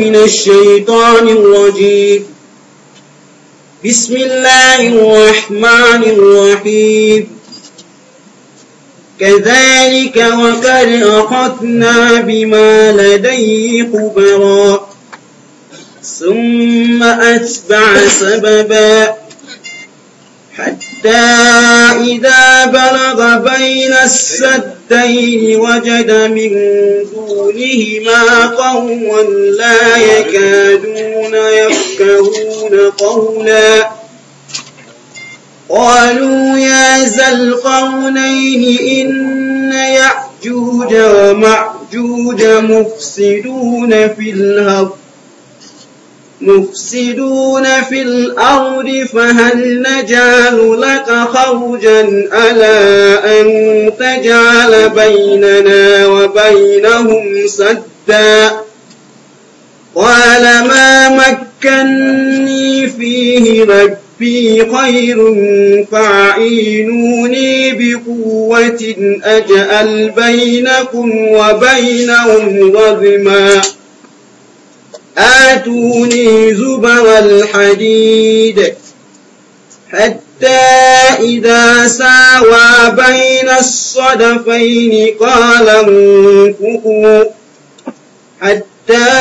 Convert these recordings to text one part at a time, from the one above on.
من الشيطان الرجيم بسم الله الرحمن الرحيم كذلك وقد أخذنا بما لديه خبرا ثم أتبع سببا حتى إذا بلغ بين السد الشتين وجد من دونهما قوما لا يكادون يفكهون قولا قالوا يا ذا القرنين إن يأجوج ومأجوج مفسدون في الأرض مفسدون في الأرض فهل نجعل لك خرجا ألا أن تجعل بيننا وبينهم سدا قال ما مكني فيه ربي خير فاعينوني بقوة أجأل بينكم وبينهم رضما آتوني زبر الحديد حتى إذا ساوى بين الصدفين قال انفقوا حتى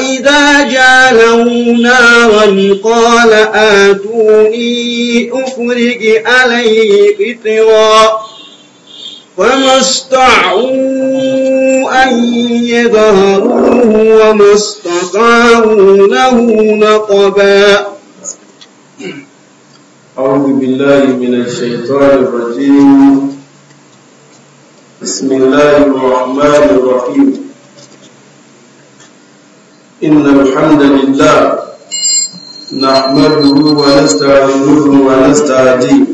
إذا جعله نارا قال آتوني أفرج عليه قطرا فما استطاعوا أن يظهروه وما استطاعوا له نقبا أعوذ بالله من الشيطان الرجيم بسم الله الرحمن الرحيم إن الحمد لله نحمده ونستعينه ونستهديه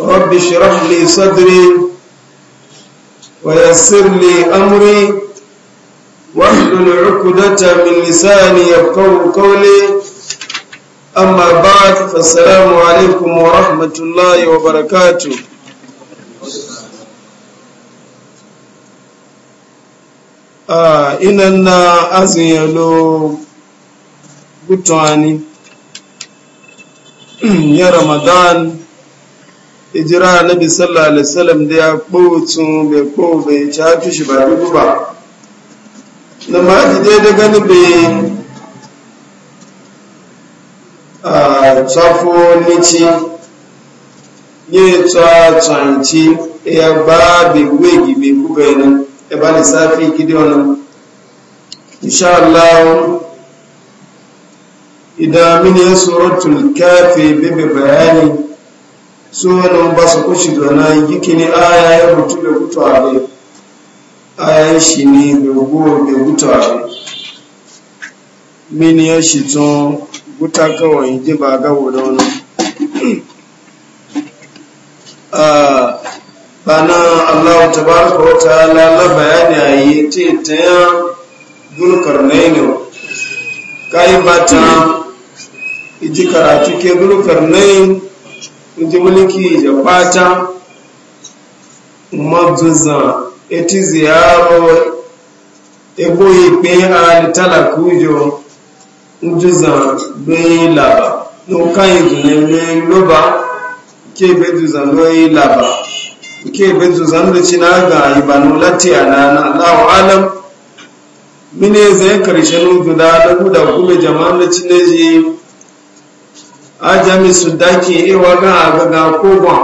رب اشرح لي صدري ويسر لي أمري واحلل عقدة من لساني يفقه قولي أما بعد فالسلام عليكم ورحمة الله وبركاته آه إننا أزيلو بطاني يا رمضان ijira nabi sallallahu alaihi wasallam da ya kowacin bai kowa bai ci hatu shi ba dubu ba na maji dai da gani bai a tsafo nici ne ta tsanci ya ba bi wegi bai kuka yi nan ya ba safi gidi wannan insha Allah idan mini ya suratul kafi bai bayani so da ba su kushi da na yake ne a ya mutu da gutu a bai aya shi ne da guwa da gutu a ne mini ya shi tun guta kawai ji ba ga da wani bana allahu tabaraka wa ta'ala la bayani a yi ce ta yan dulkar yi ne ka yi ta iji karatu ke dulkar yi ndị mulki da fata mazuza eti ziyaro ebo ikpe alitala kujo nduza bai laba ne izuneme loba nke ebeduza n'oyi laba k'e ebeduza ndochi na-aga ibanu lati na na allahu alam mine zai karshe nudu da alamu da kuma jama'an da cineji ajami su dake ewa eh, ga agaga kogon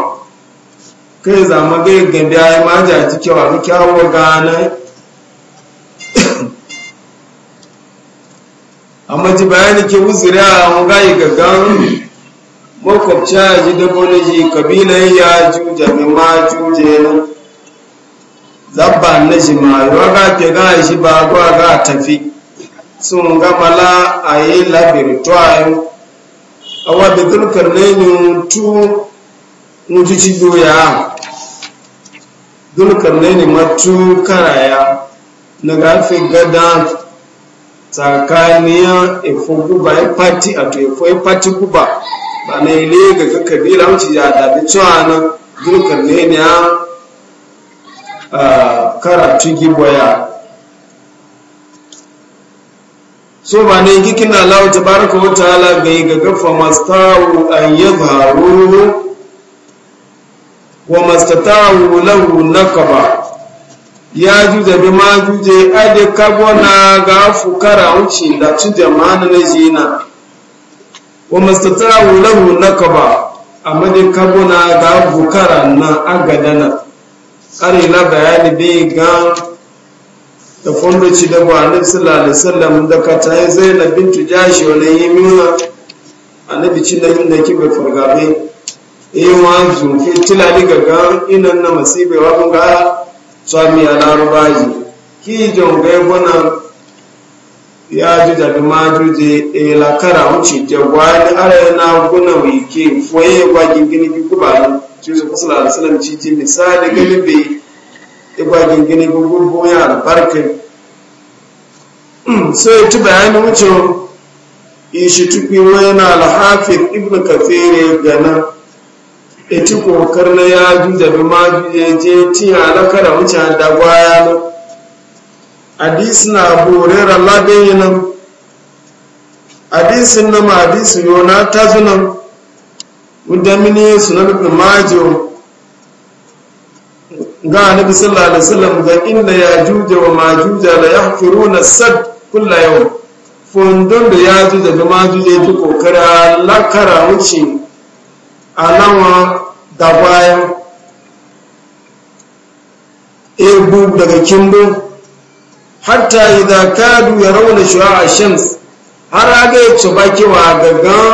kai zama ga gabi a yi maja ji cewa ga kyawo nan amma ji bayani ke wuzira a ga gaggan makwabci a ji da ji kabila ya juja jami ma juje na zabba na shi ma yawa ga ke ga shi ba ga tafi sun ga a ayi labirituwa awa da dulkar ne tu mutuci doya dulkar ne ne matu karaya na gafi gada tsakaniyar efo guba ya pati a to efo ya pati guba ba na ile ga kabila wuce ya dabi cewa na dulkar ne ne ya karatu giboya so ba ne gikin Allah ta baraka wa ta'ala ga yi ga gafa mastawu an zaru wa mastatawu lahu kaba ya juje bi ma juje ade na ga fukara wuce da ci jama'a na jina wa mastatawu lahu kaba amma dai na ga fukara na agadana har ila bayani bai gan da fondo ci da ba annabi sallallahu alaihi wasallam da ka ta zainab bintu jashi wala yimina annabi ci da yin da ki fargabe eh wa zu fi tilali gaga inan na masibe wa kun ga tsami ala rubaji ki jonga bona ya ji da dumaju juje e eh, la kara wuce jagwani ara na guna wike foye gwa gingini bi kuba ci su sallallahu alaihi wasallam ci misali galibi igba gingine gugu hmm, ya albarki. sai ci bayanin wucin ishi tuki wani alhafin ibn kafere gana e ci kokar na ya juja bi ma juya je ci halaka da wuce da gwaya na hadisi na borera labin yi nan hadisin na ma hadisi yau na tazunan wadda mini sunan ibn majiyo ga annabi sallallahu alaihi wasallam ga inna yajuja wa majuja la yahfuruna sad kullu yawm fondon da yajuja da majuja ta kokara lakara wuce alawa da bayan ebu daga kimbo hatta idan kadu ya rauna shu'a shams har aga ya bakewa kewa gaggan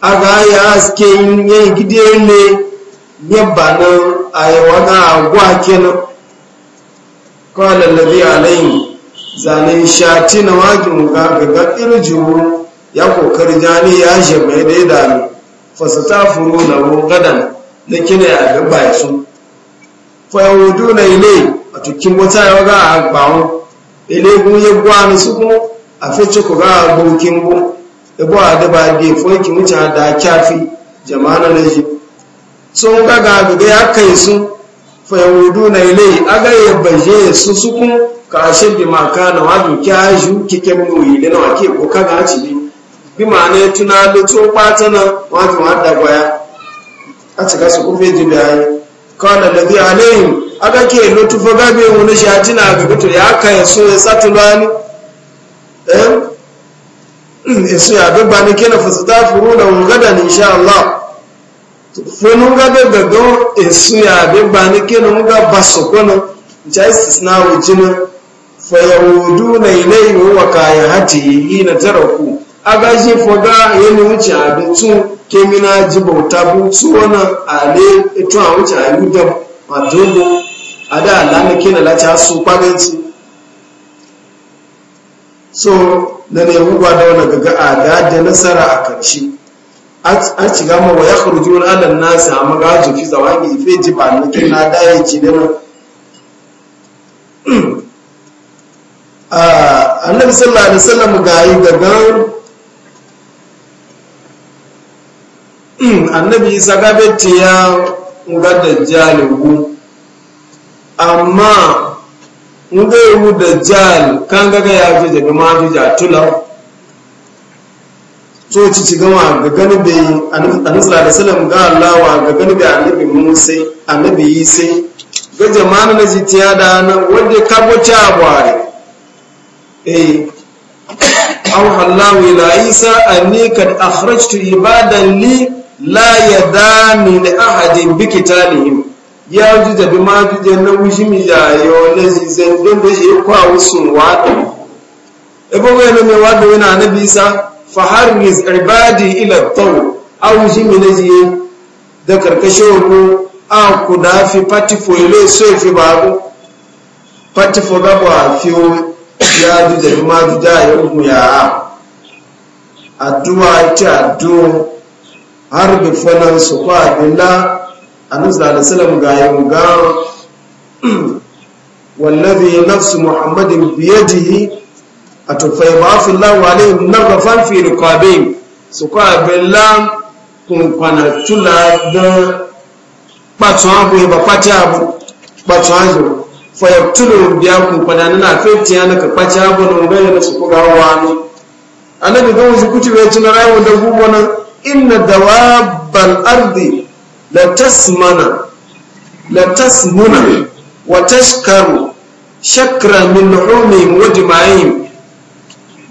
aga ya aske yin gidiyen ne yabba nan a yawana agwa kenan kawai lallabi alayhi zane shati na ga gagaga irjiwu ya kokari jani ya je mai daida ne fasata furu na rugadan na kina ya gaba ya su fayahudu na ile a tukin wata ya waga a gbawon ile gun ya gwanu su kuma a fice ku ga abokin gun ya bu a daba da fokin wuce da kyafi jama'a na ji sun kaga daga ya kai su fayahudu na ilai aga ya baje su sukun kashin bi maka na wajen kyashu kike mu ile na wake ko kaga ci ne bi ma ne tuna da to bata na wajen wadda gwaya a cika su kufe ji bayi kana da bi alayhim aga ke lutu fa gabe wani shati na ga to ya kai so ya satu bani eh mm, su ya ga bani kenan fa su da furu da gadan insha Allah fonu ga da gaga esu ya bi ba ni ke nun ga ba su kuna jaisis na wujina fayahudu na ilayi wa kayan hati yi na taraku agaji foga yana wuce abin tun kemina jibo bauta su wannan ale ito a wuce a madogo a da kina lati su kwaganci so na ne hukwa da wani gaga a da nasara a karshe a ci gama wa ya kurji wani alan nasi a magajin fi zawagi ife ji ba na kina na daya ci da nan ah, annabi sallallahu alaihi wasallam ga yi gagan annabi isa gabeti ya ga da wu amma ngai wu jal kan ga ya ji daga ma ja tulau to ci ci gama ga gani da annabi sallallahu ga Allah ga gani da annabi Musa annabi Isa ga jama'a na jitiya da nan wanda ka bota bare eh aw hallahu ila Isa anni kad akhrajtu ibadan li la yadani li ahadin bi kitalihim ya ji da bi ma ji na wushi mi ya yo na zai don da shi kwa wusun wa ebe wani mai wado yana annabi Isa faharriz ibadi ila tau au jimi na jiye da karkashin ku a ku na fi patifo ile so fi babu patifo ba fi ya du da ma du da ya ugu ya addu'a ita addu'a har bi fanan su kwa billa annabi sallallahu alaihi wasallam ga yin ga wallazi nafsu muhammadin biyadihi a tufai ba su lawarin na rafan fili kwabe su kwabin lan kunkwana tula don abu ya ba ɓace abu ɓacin abu fayar tulu biya kunkwana na fenti abu na ubayi da su kuga wani annabi don wasu kuci bai cin da gugu nan inna dawabbal ardi la tasmana la tasmuna wa tashkaru shakra min luhumihim wa dima'ihim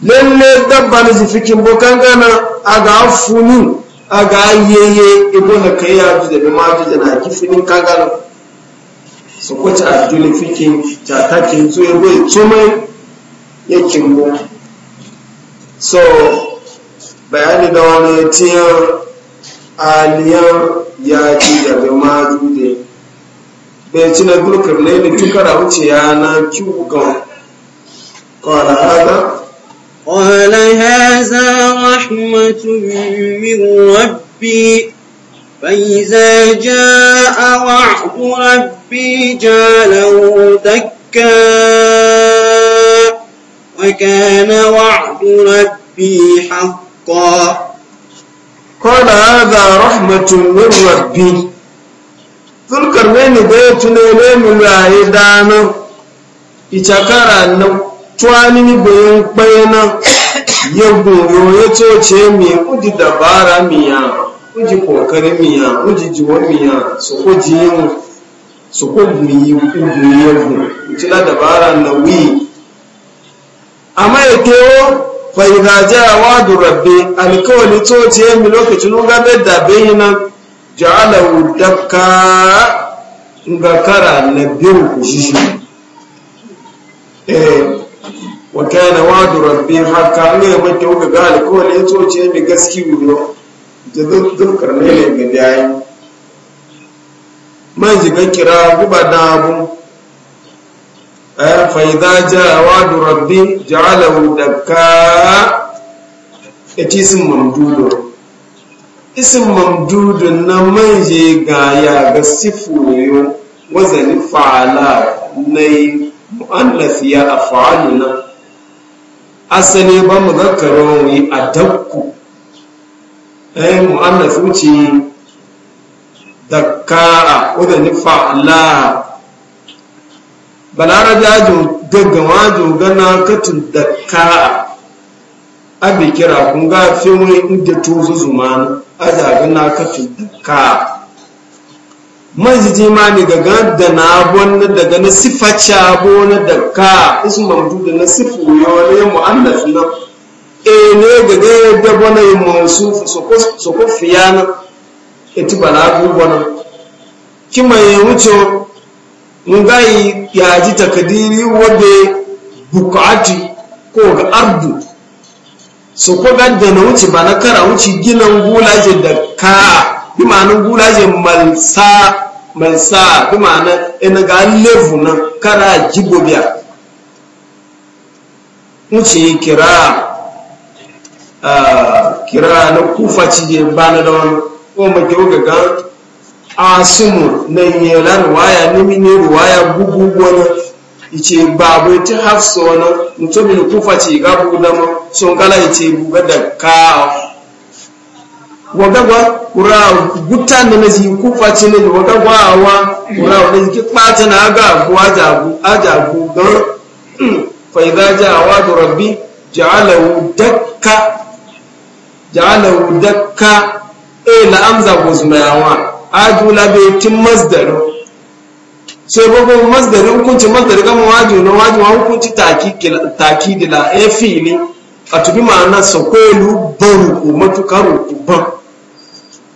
lele dabba na jifikin bukan gana a ga funu a ga yeye ibo na kai ya ji da ma ji da na funin kagana su kwace a juli fikin ta take su ya bai cimai ya kimbo so bayani da wani ya tiyar aliyar ya ji da bai ma ji da bai ci na gurkar ne ne tukar a wuce ya na kiwu kan kawai قال هذا رحمة من ربي فإذا جاء وعد ربي جعله دكا وكان وعد ربي حقا قال هذا رحمة من ربي ذكر من بيت نيلين لا يدانا إتكار النوم tuwani ni bayan bayana ya goyo ya coce mi uji dabara miya uji kokarin miya uji jiwa miya su ko jiyin su ko miyi uji ya gu uji dabara na wi amma ya kewo fa'ida ja wa du rabbi alkawali coce mi lokacin ga bai da bayina ja'alahu dakka ga kara na biyu ku shi eh, wa kana wa'du rabbi hakka ne ba ke uga ga alkawali ya tsoce mi gaski wuro da zurkar ne ne ga dai mai ji ga kira guba da abu eh, fa idza ja wa'du rabbi ja'alahu dakka eti sun mamdudo isin mamdudo na mai je ga ya ga sifuriyo wazani fa'ala nay mu'annas ya af'aluna asali ba mu zakkaro mu yi a dakku ai eh, mu'annas wuce dakkara wadda ni fa'ala balara jajo gaggawa jogana katin dakkara abi kira kun ga fi wani inda tozo zumanu a jagana katin dakkara man jiji ma ni gaga da na bonna daga na sifacha bonna da ka isu mamdu da na sifu yo ne muannas na e ne gaga da bonna yi e mausuf su soko so ko fiyana eti bala bu bonna kima ye wucho ngai ya ji takadiri wabe bukati ko ga ardu so ko ga da na wuce ba kara wuce ginan gulaje da ka bi ma'anin gulaje malsa mai saa bi ma'ana ina ga levu na kara jibobiya wuce kira kira na kufa cije ba na da a ko na wuka ga asimu na yela ruwaya nimi ne ruwaya gugu wani ice babu ita na wani mutumin kufa ce ga bugu dama sun kala ice buga da wagagwa kura gutan da nazi kufa ce ne da wagagwa awa kurawa da ki kpata na aga abu ajagu jagu don fa a wa da rabbi ja'alahu dakka ja'alahu dakka e la amza guzmayawa aju la be tun masdar sai gbogbo masdar hukunci masdar kama waju na waju hukunci taki taki da e fili a tubi ma'ana sakolu baru ko matukar ban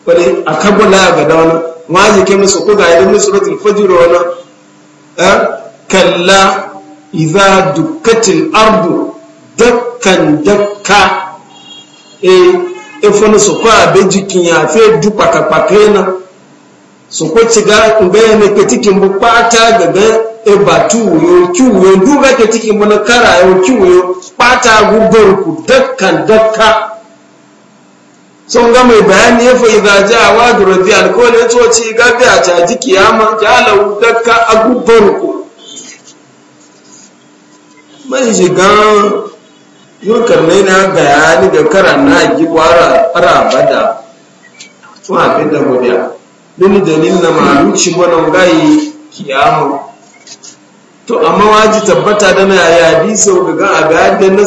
wani a ga da wani wazi ke musu ko ga idan suratul fajr wani eh? kalla idza dukkatil ardu dakkan dakka e eh, efonu a bai jikin ya fe du pakapaka na sokwa ciga mgbe ya na ketikin bu kpata gaga ebatu yo kiwo duga ketikin bu na kara yo kiwo kpata ku dakkan dakka sun ga mai bayani ya fa'i za ji a wadurati alkawal ya coci gabi a caji kiyama kyalau daga agubbar ku mai shigan yau karnai na gaya ni da karan na gi wara bada tun abin da gudiya don dalilin na maluci wani gai kiyama to amma waji tabbata da na bi sau daga a gadin da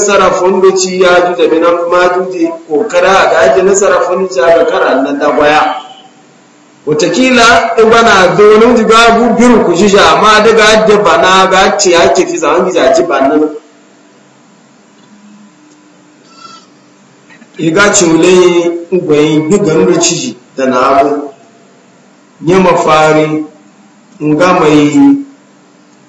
ci ya ji da bi kuma majuji kokara a gadin nasara ya a kakara nan da baya watakila ibana da wani wuji babu birin ku shi amma da gadin bana ga ce ya ke fi zaman gizaji ba nan ci wule gwai dugan da ci da na abu ya mafari in ga mai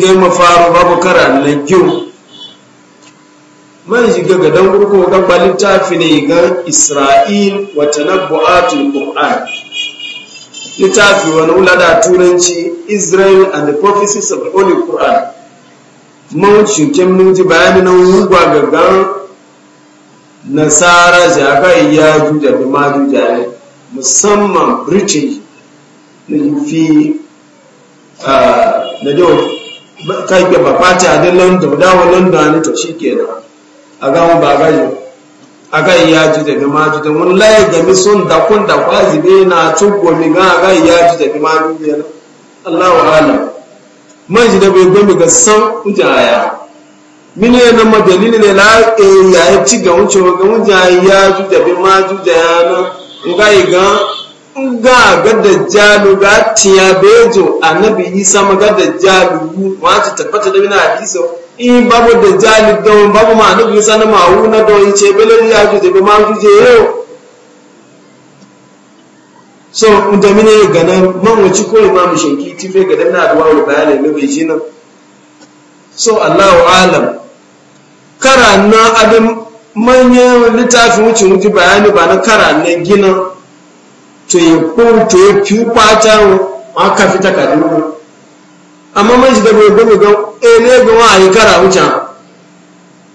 gama faru babu kara na kyau man shiga ga dan gurko ga littafi ne ga isra'il wa tanabbu'atul qur'an littafi wani wula da turanci israel and the prophecies of the holy qur'an mun kin mun ji bayani na wugwa gaggan nasara jagai ya juja da ma ne musamman britain na fi ah, na ka ke ba fata a london da wa london ne to shi nan a gamu ba yi a kan yaji daga ji da wani layi mi sun da kun da kwazi ne na tukko gomi ga a kan yaji daga da ne Allah wa ala man ji da bai gomi ga san ujaya mini ne ma dalili ne la e ya ci ga wuce ga wuce ya ji da bi maju da yana ga yi ga ga ga dajjalu ga tiya bejo annabi isa ma ga dajjalu wa ta tabbata da mina hadiso in babu dajjalu don babu ma annabi isa na wu na don ce bele ya ji da ma ji je yo so da mine ga nan man wuci ko imam shanki ti fe ga dan na duwa wa bayani ne bai jinan so allahu alam kara na abin manyan littafin wucin wuci bayani ba na kara na gina to ya kun to ya fi kwata ma ka fi takardu amma mai shi da bai gomi ga ele eh, ga wa yi kara wuce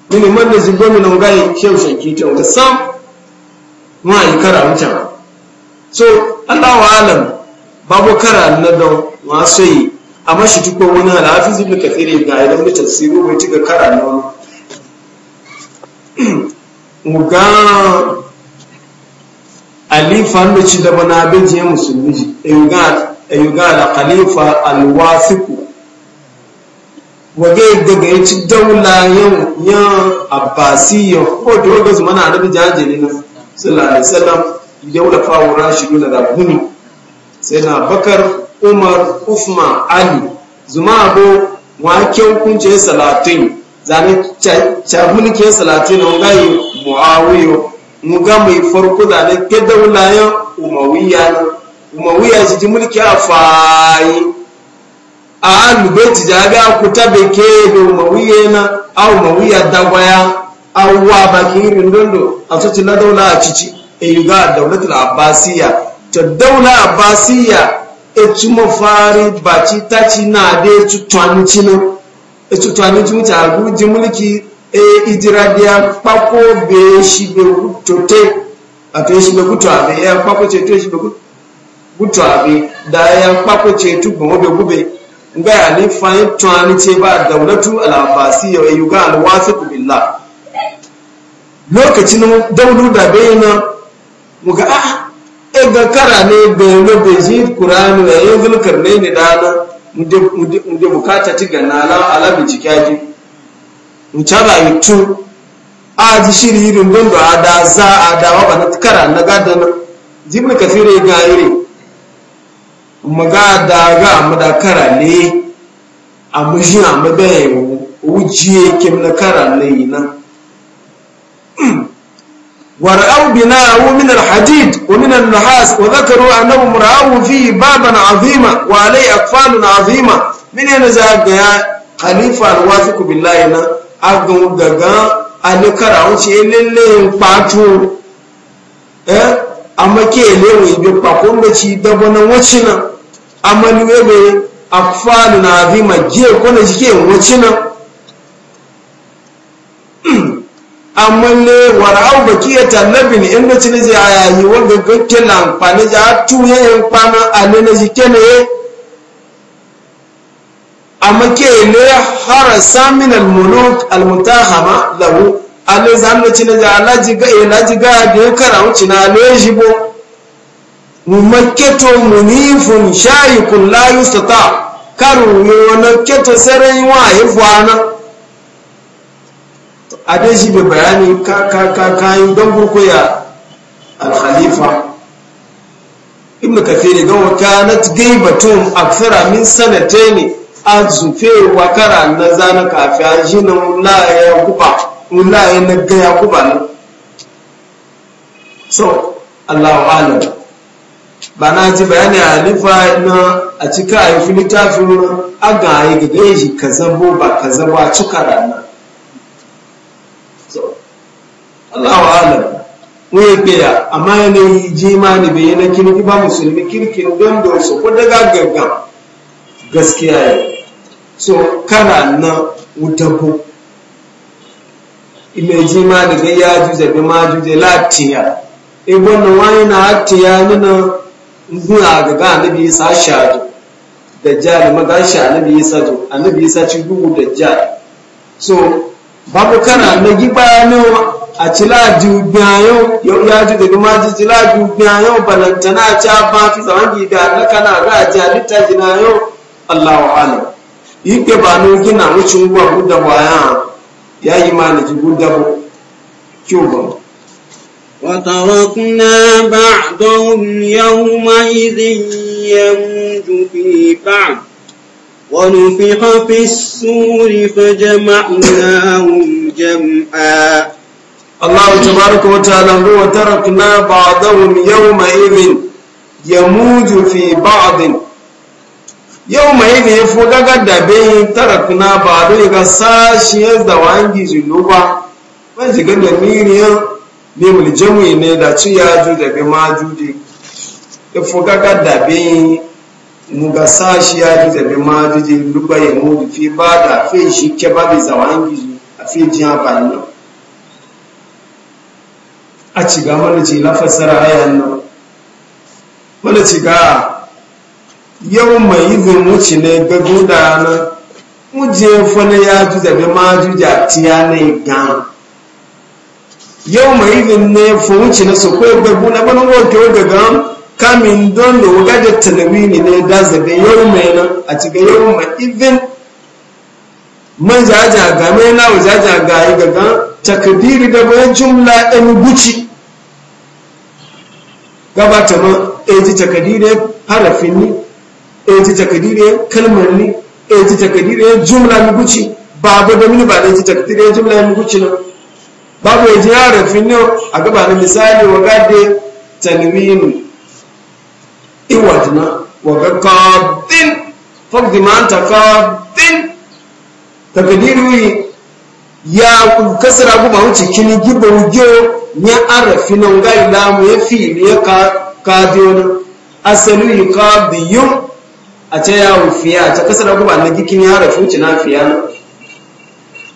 mini man da zai gomi nan gai shehu shanki ta wuta sam wa yi kara wuce so allah wa alam babu kara na don ma soyi amma shi tukwa wani alhafi zubin kafiri ga idan da tafsiru bai tuka kara na wani alifa da ci da bana abinci ya musulmi ayyuga da khalifa alwasiku wage daga ya ci daula yan abbasiyo ko da ga su mana annabi jajiri na sallallahu alaihi wasallam daula fawura shi da guni sai na bakar umar usma ali zuma abu wake hukunce salatin zane cabulke salatin muawiyo muga mai farko da na ke daulayen umawiya na umawiya shi ji mulki a fayi a ci da ga kuta beke da umawiya na a umawiya dagwaya a baki irin dondo a cikin na daula a cici e yi ga daulatul abbasiya ta daula abbasiya e tuma fari baci ta ci na de ya e tutwani na e tutwani ci mulki e idiradia pako be shibe kutote ato shibe kutwabe ya pako chetu shibe kutwabe da ya pako chetu be gube nga ya ni fayin twani ce ba daulatu al-abbasiyya wa e yuga al-wasiq billah lokacin daulu da bayyana muga ah e ga kara ne da yanga bai ji qur'ani ya yanzu e karne ne dana mu de bukata ti ganala ala bincike nchara itu a ji shiri irin don da ada za a dawa ba na kara na gada na jibin kafire ga iri maga da ga mada kara ne a mujin a madayin wujiye kim na kara na ورأوا بناءه من الحديد ومن النحاس وذكروا أنهم رأوا فيه بابا عظيما وعليه أقفال عظيمة من ينزع خليفة الواثق بالله agun gangan anukara ń ṣe lélẹ̀ ń pàtó ẹ́ amakéèléwò ko pàkó ń bẹ̀tì dọ́gbọ́n náà wọ́n ti náà amaliwebe afáàlù náà bí mà jíẹ̀ kó lè jíkẹ́ wọ́n ti náà amalle wara au bakiyata e labin in da cin ji a wanda gakke na amfani ja tu ya amfana a ne na jike ne amma ke ne al-muluk al almutahama lahu alle zanna cinna da alaji ga eh, ji ga da kara wuce na aleji bo mumakketo munifun shayikun la yustata karu wani keto sarai wa hifwana adeji be bayani ka ka ka kayan don gurkuya al-khalifa ibn kathir ga kanat gaibatun akthara min sanatayn a zufe wa kara na zana kafi a shi na wulaye ya kuba wulaye na gaya kuba ne so allahu alam ba na ji bayani a halifa na a cika a yi littafin a ga yi gaba yi ka zabo ba ka zabo a cika rana so allahu alam wai biya amma yanayi jimani bai yana kirki ba musulmi kirkin don da wasu ko daga gaggan gaskiya ne so kana nan wutabo imeji ma daga ya juje bi ma juje latiya ibon e, wani na hatiya nuna zuwa ga ga annabi isa shaji dajjal maga shi annabi isa jo annabi isa ci gugu dajjal so babu kana na giba ne a cila jubiyayo yau ya ji daga ma ji cila jubiyayo balantana ca ba fi zaman gibi a kana ga jali ta jina yau allahu alam ike ke ba nu gina wucin gwa ya yi maliki buda bu وتركنا بعضهم يومئذ يموج في بعض ونفخ في السور فجمعناهم جمعا الله تبارك وتعالى هو تركنا بعضهم يومئذ يموج في بعض yau mai ne ya fi daga dabe yin tarakuna ba don ga sashi ya da wangi zulu ba ban shiga da miriyan ne muljamu ne da ci ya ju da bi ma ju de ya fi daga da yin mu ga sashi ya ju da bi ma ju de luba ya mu fi ba da fi shi ke ba bi za wangi a fi ji ya ba nan a ci ga mana ci lafasar ayan nan mana ci ga yau mai izin wuce ne ga na muje fana ya juja da ma juja tiya ne gan yau mai izin ne fa wuce na su kai ga gudana bana woke woke gan kamin don da wuga da talabini ne da zabe yau mai nan a ga yau mai izin man jaja ga mai na jaja ga yi ga gan takdiri da bai jumla ɗan guci gabata ma e ji takadiri harafin eti takdiriyar kalmar ni eti takdiriyar jumla mi guci babu da mini ba da eti takdiriyar jumla mi guci babu ya ji harafin yau a gaba na misali wa gade tanwinu iwatna wa ga qadin faqdi man taqadin takdiriyar ya kasara guba wuce kini giba wujo ya arafi nan ga ilamu ya fi asali yi a ta yawon fiya ta kasar guba na gikin yara fuci na fiya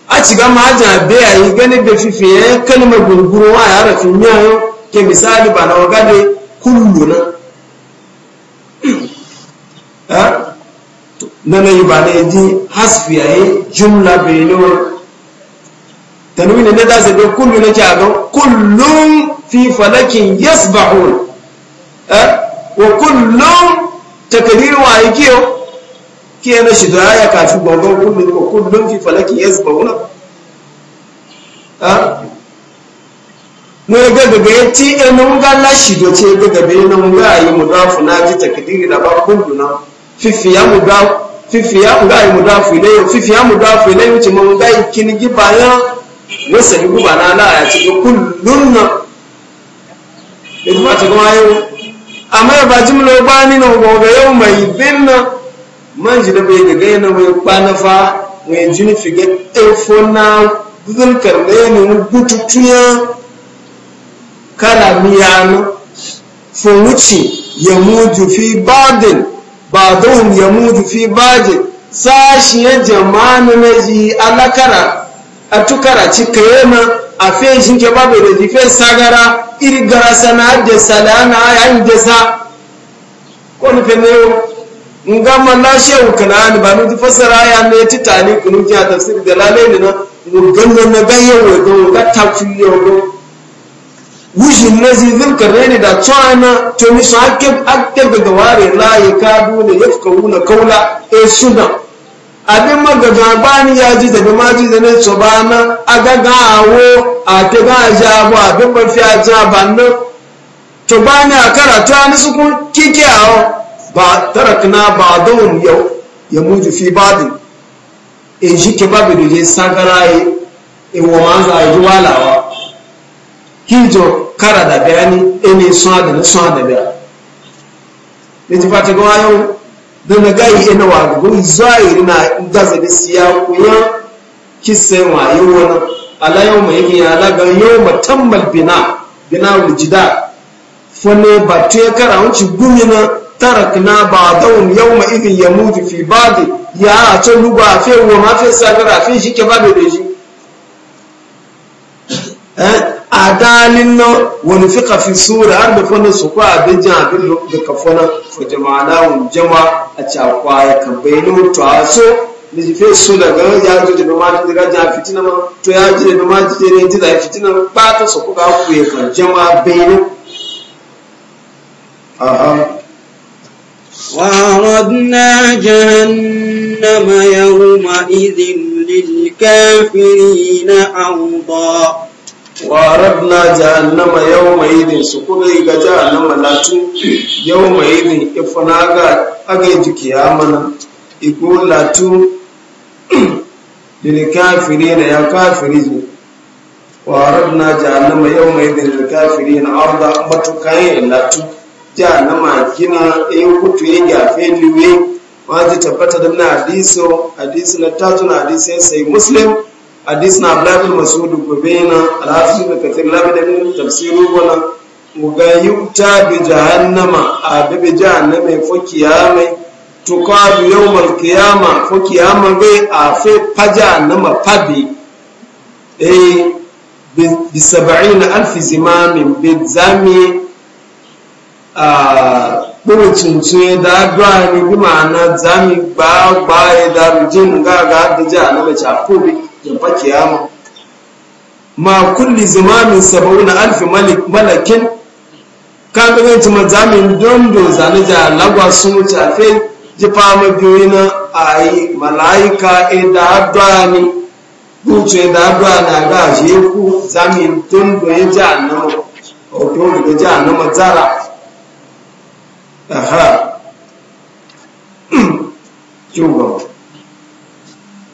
a ciga ma ajiyar a yi ganin da fifiye kalmar gurguru wa yara fi yayo ke misali ba na wagade kullu na na na yi ba na yi hasfi a yi jumla benin tanwini na da zabe kullu na kyagon kullum fi falakin yasbahun wa kullum takaliri wa yi kiyo kiyo shi da ya kafi gwagwan kullum fi falaki ya mu ga mun ga la shi do ce be na mun ga yi mudafu na ji da ba kullu fifi ya mudafu fifi ya mun ga yi mudafu ne fifi ya mudafu ne mun ga yi kin gi bayan wasa gi la ya ci kullun ta ga amma ba jimlo ba ni na goga yau mai bin na man ji da bai ga yana mai kwana fa mai jini fige efo na gudun karne ne mu gututuya kala miyanu funuci ya muju fi badin don ya muju fi badin sashi ya jama'a na ji alakara a tukara cika yana a fiye shi ke babu da fiye sagara iri gara sana da salana ya yi da sa ko ni fe ne yo nga ma na shehu kana ni ba ni fasara ya ne titani kunu ki ta sir da lale ne na mu ganna na ga wa go ga ta fi yawo go wuji ne zai kare ne da tsana to ni sa ke akte ga ware la ya kadu ne yafkauna kaula e suna abin magaga ni ya ji daga ma ji zane su ba a gaga awo a ke ga ji abu abin mafi a ji abannin to ba ni a karata ni su kun kike awo ba tarakna ba don yau ya muji fi badin e ji ke ba da je sagaraye e wa ma za yi walawa hijo kara da bayani e ne sun da sun da bayani ne ji fata gawa yau da na gayi ina wa gun zahiri na da da siya kuya kisa wayo wani ala mai ya ala yau matammal bina bina wujida fane ba to ya kara wuce gumina tarakna ba daun yau mai idin ya mutu fi badi ya a can lugu a fe wa ma fe sagara a shi ke ba da shi adalin na wani fi kafi sura har da fana su kwa abin jan abin da kafana fa jama'a wani jama a cakwa ya kambayi na mutu a so da fi su daga ya ji da ma da gaja fitina ma to ya ji da ma ji ne ji da fitina ma ba ta su kuka ku ya kan jama bayin a'a وعرضنا جهنم يومئذ للكافرين عرضا waradna jahannama yawma idin su kuma ga jahannama latu yawma idin ifana ga age dukiya mana iko latu lil kafirina ya kafiriji waradna jahannama yawma idin lil kafirina arda matukai latu jahannama kina e kutu e gafe liwe ma ji tabbata da na hadisi hadisi na tatu na hadisi sai muslim hadis na abdullahi masud gobe na alhafiz da katir labi da min tafsiru wala muga yuta bi jahannama a bi jahannama fo kiyama tuqadu yawmal qiyama fo kiyama be a fe pajannama pabi eh bi sab'ina alf zimamin bi zami a gbogbo tuntun da gbaa ni bi ma'ana zami gbaa gbaa ya da rujin ga ga da jahannama chapo bi ya kiyama ma kulli zamanin saba'una alfi malakin ka ga ganci mazamin dondo zane ja lagwa sun wuce a ji fama biyu na ayi malaika ida adwani bucu ida adwani a ga shi ku zamin dondo ya ji annama oto daga ji annama zara aha kyau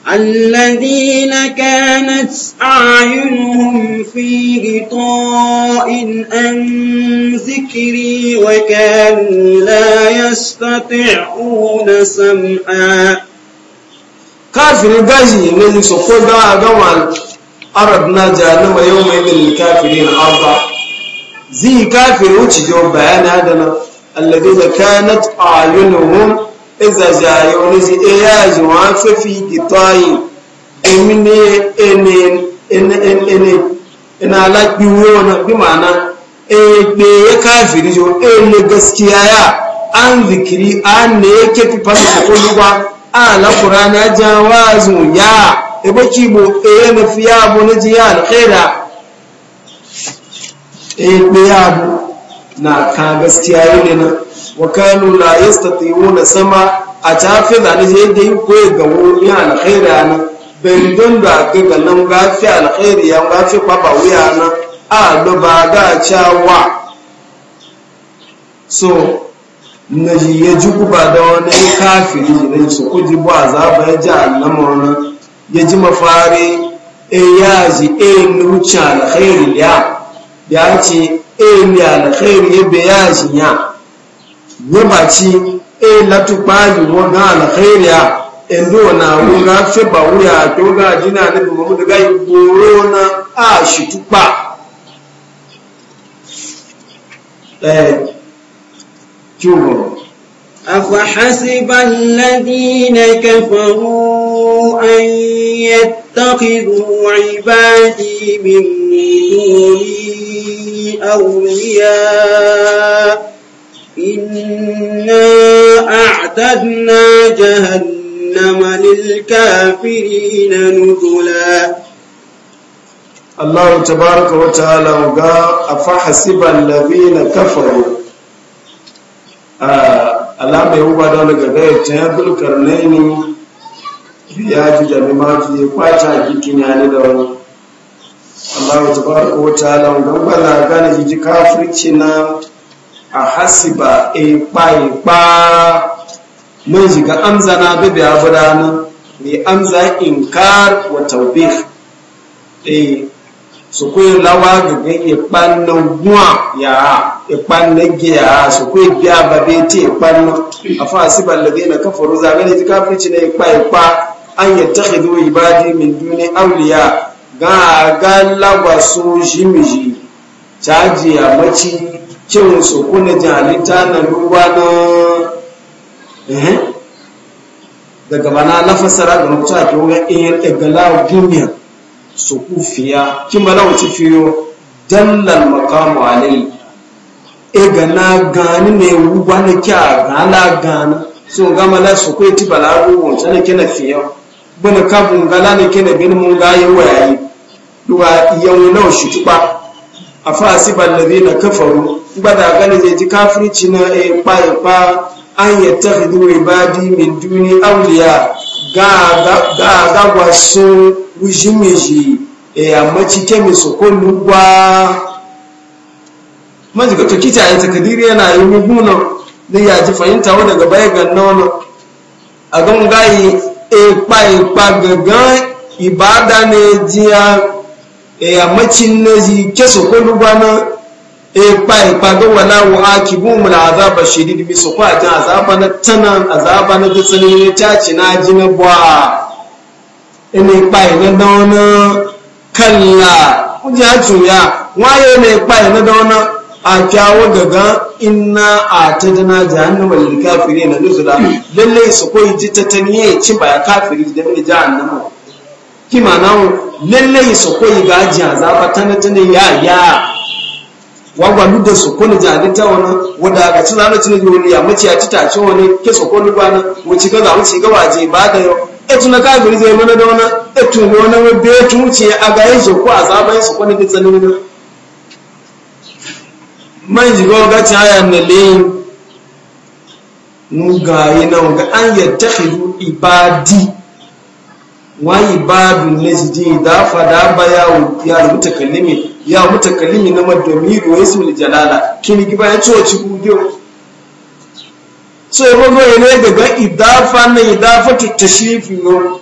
الذين كانت أعينهم في غطاء عن ذكري وكانوا لا يستطيعون سمعا كافر بجي من سقوط أقوال أردنا جهنم يومئذ للكافرين أرضا زي كافر وجه بيان هذا الذين كانت أعينهم ezazayo onisi eyazi wọn fẹ́ fi ìtọ́ ayìn èmi ní ẹni ẹni ẹni alágbíwó gaskiya ya an zikiri an na yake fifa su ko luwa ala qur'ani ajan ya ebo kibo eye na fiya bo na ji ya alkhaira egbe ya na ka gaskiya yi ne na wa na la yastati'una sama a tafi da ne yadda yi koyi ga wuri alkhairi na ben don da ga ga nan gafi alkhairi ya gafi kwaba wuya na a da ba ga cewa so na ji ya ji kuba da wani kafiri ne su kuji ba za ba ya ji allama wani ya ji mafari e ya ji e nuce alkhairi ya ya ce e ne alkhairi ya bayaji ya nyamaci e latupa yuwo na alkhairia endo na wunga fe ba wuya to ga jina ne bu mu daga yoro na a shitupa eh kyugo أفحسب الذين كفروا أن يتخذوا عبادي من دوني أولياء إنا أعتدنا جهنم للكافرين نزلا الله تبارك وتعالى قال أفحسب الذين كفروا alama yau ba don daga gaya ta ya bulkar naini ya fi jami mafi ya kwata gikin ya ni da wani allahu don bala gane kafirci na ahasiba ipa ipa mun shiga amza na bibi abu dana ne amza inkar wa taubih eh su kuyi lawa gaga ipan na guwa ya ipan na giya su kuyi biya ba bai ce ipan na a fa asiba lagai na kafaru zaga ne kafirci na ipa ipa an yi ta hidu ibadi min duni auliya ga ga lagwa su shimiji caji a maci cewa su kuna jalita na ruwa na eh, daga bana na fasara da mutu a kiwon ɗaya ɗagala duniya su kufiya kin bala wuce fiyo dallar makamu alai e na gani ne ruwa na kya gana gana so gama na su kai ti bala ruwa wancan na kina fiyo bana kabun gala na kina bin mun gaye wayayi ruwa yau na shi tuba a fa asibar da zai na kafaru gbada gani zai ji kafirci na ipa eh, eh, an yi ta fi ya ba di min duni auliya ga ga ga wuji sun e amma cike mi su kullu gwa maji ka toki ta ita kadiri yana yi muguna da ya ji fahimta wadda daga baya ga nono a gan gayi ipa eh, ipa e gaga ibada ne jiya e amma cin na ji keso kullu gwa na ipa ipa ga wala wa akibu mul azab shadid bi su kwa ta azaba na tanan azaba na tsani ne ta ci na ji na bwa ina ipa ina da wani kalla kuje ha tuya waye ne ipa ina dona a kyawo daga inna a ta dana jahannama lil kafiri na nuzula lalle su koyi ji ta taniye ci ba kafiri da mai jahannama kima nawo lalle su koyi ga ji tana tana ya ya Wagwa da su kone ta wani wadda ga cin ranar cin wani ya mace a ci tace wani ke so kone gwana wuce ga za wuce gaba waje ba da yau e tuna ka gari zai mana da wani e tuna wani wani bai tuce a gayen shi ko a zaɓa su kone ke tsanin wani man ji gawa gaci haya na leyin nugaye na wanga an yadda ibadi wayi badu lazidi da fada baya ya mutakallimi ya mutakallimi na madomiri wa ismul jalala kini giba ya ci gudu so ya ya ne daga idafa na idafa ta tashrifi no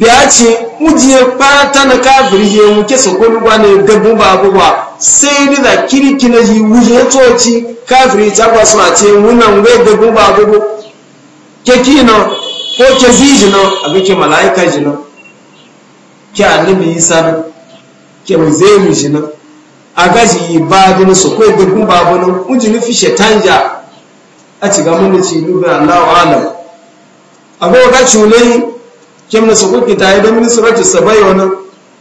da ya ce ujiye fata na kafiri ya muke su gudu ba ne gabu ba abubuwa sai ni da kirki na ji wuje toci kafiri ta kwasu a ce wunan gai gabu ba abubu kekino ko ke zi jino abin ke mala'ika jino ke annabi isa nan ke muzemi ji jino a gaji yi ba dini su kai gugun babu nan uji nufi shetanja a ci gamun da ci allah allahu alam abu ga culai ke na su kuki ta yi don min surati sabai wani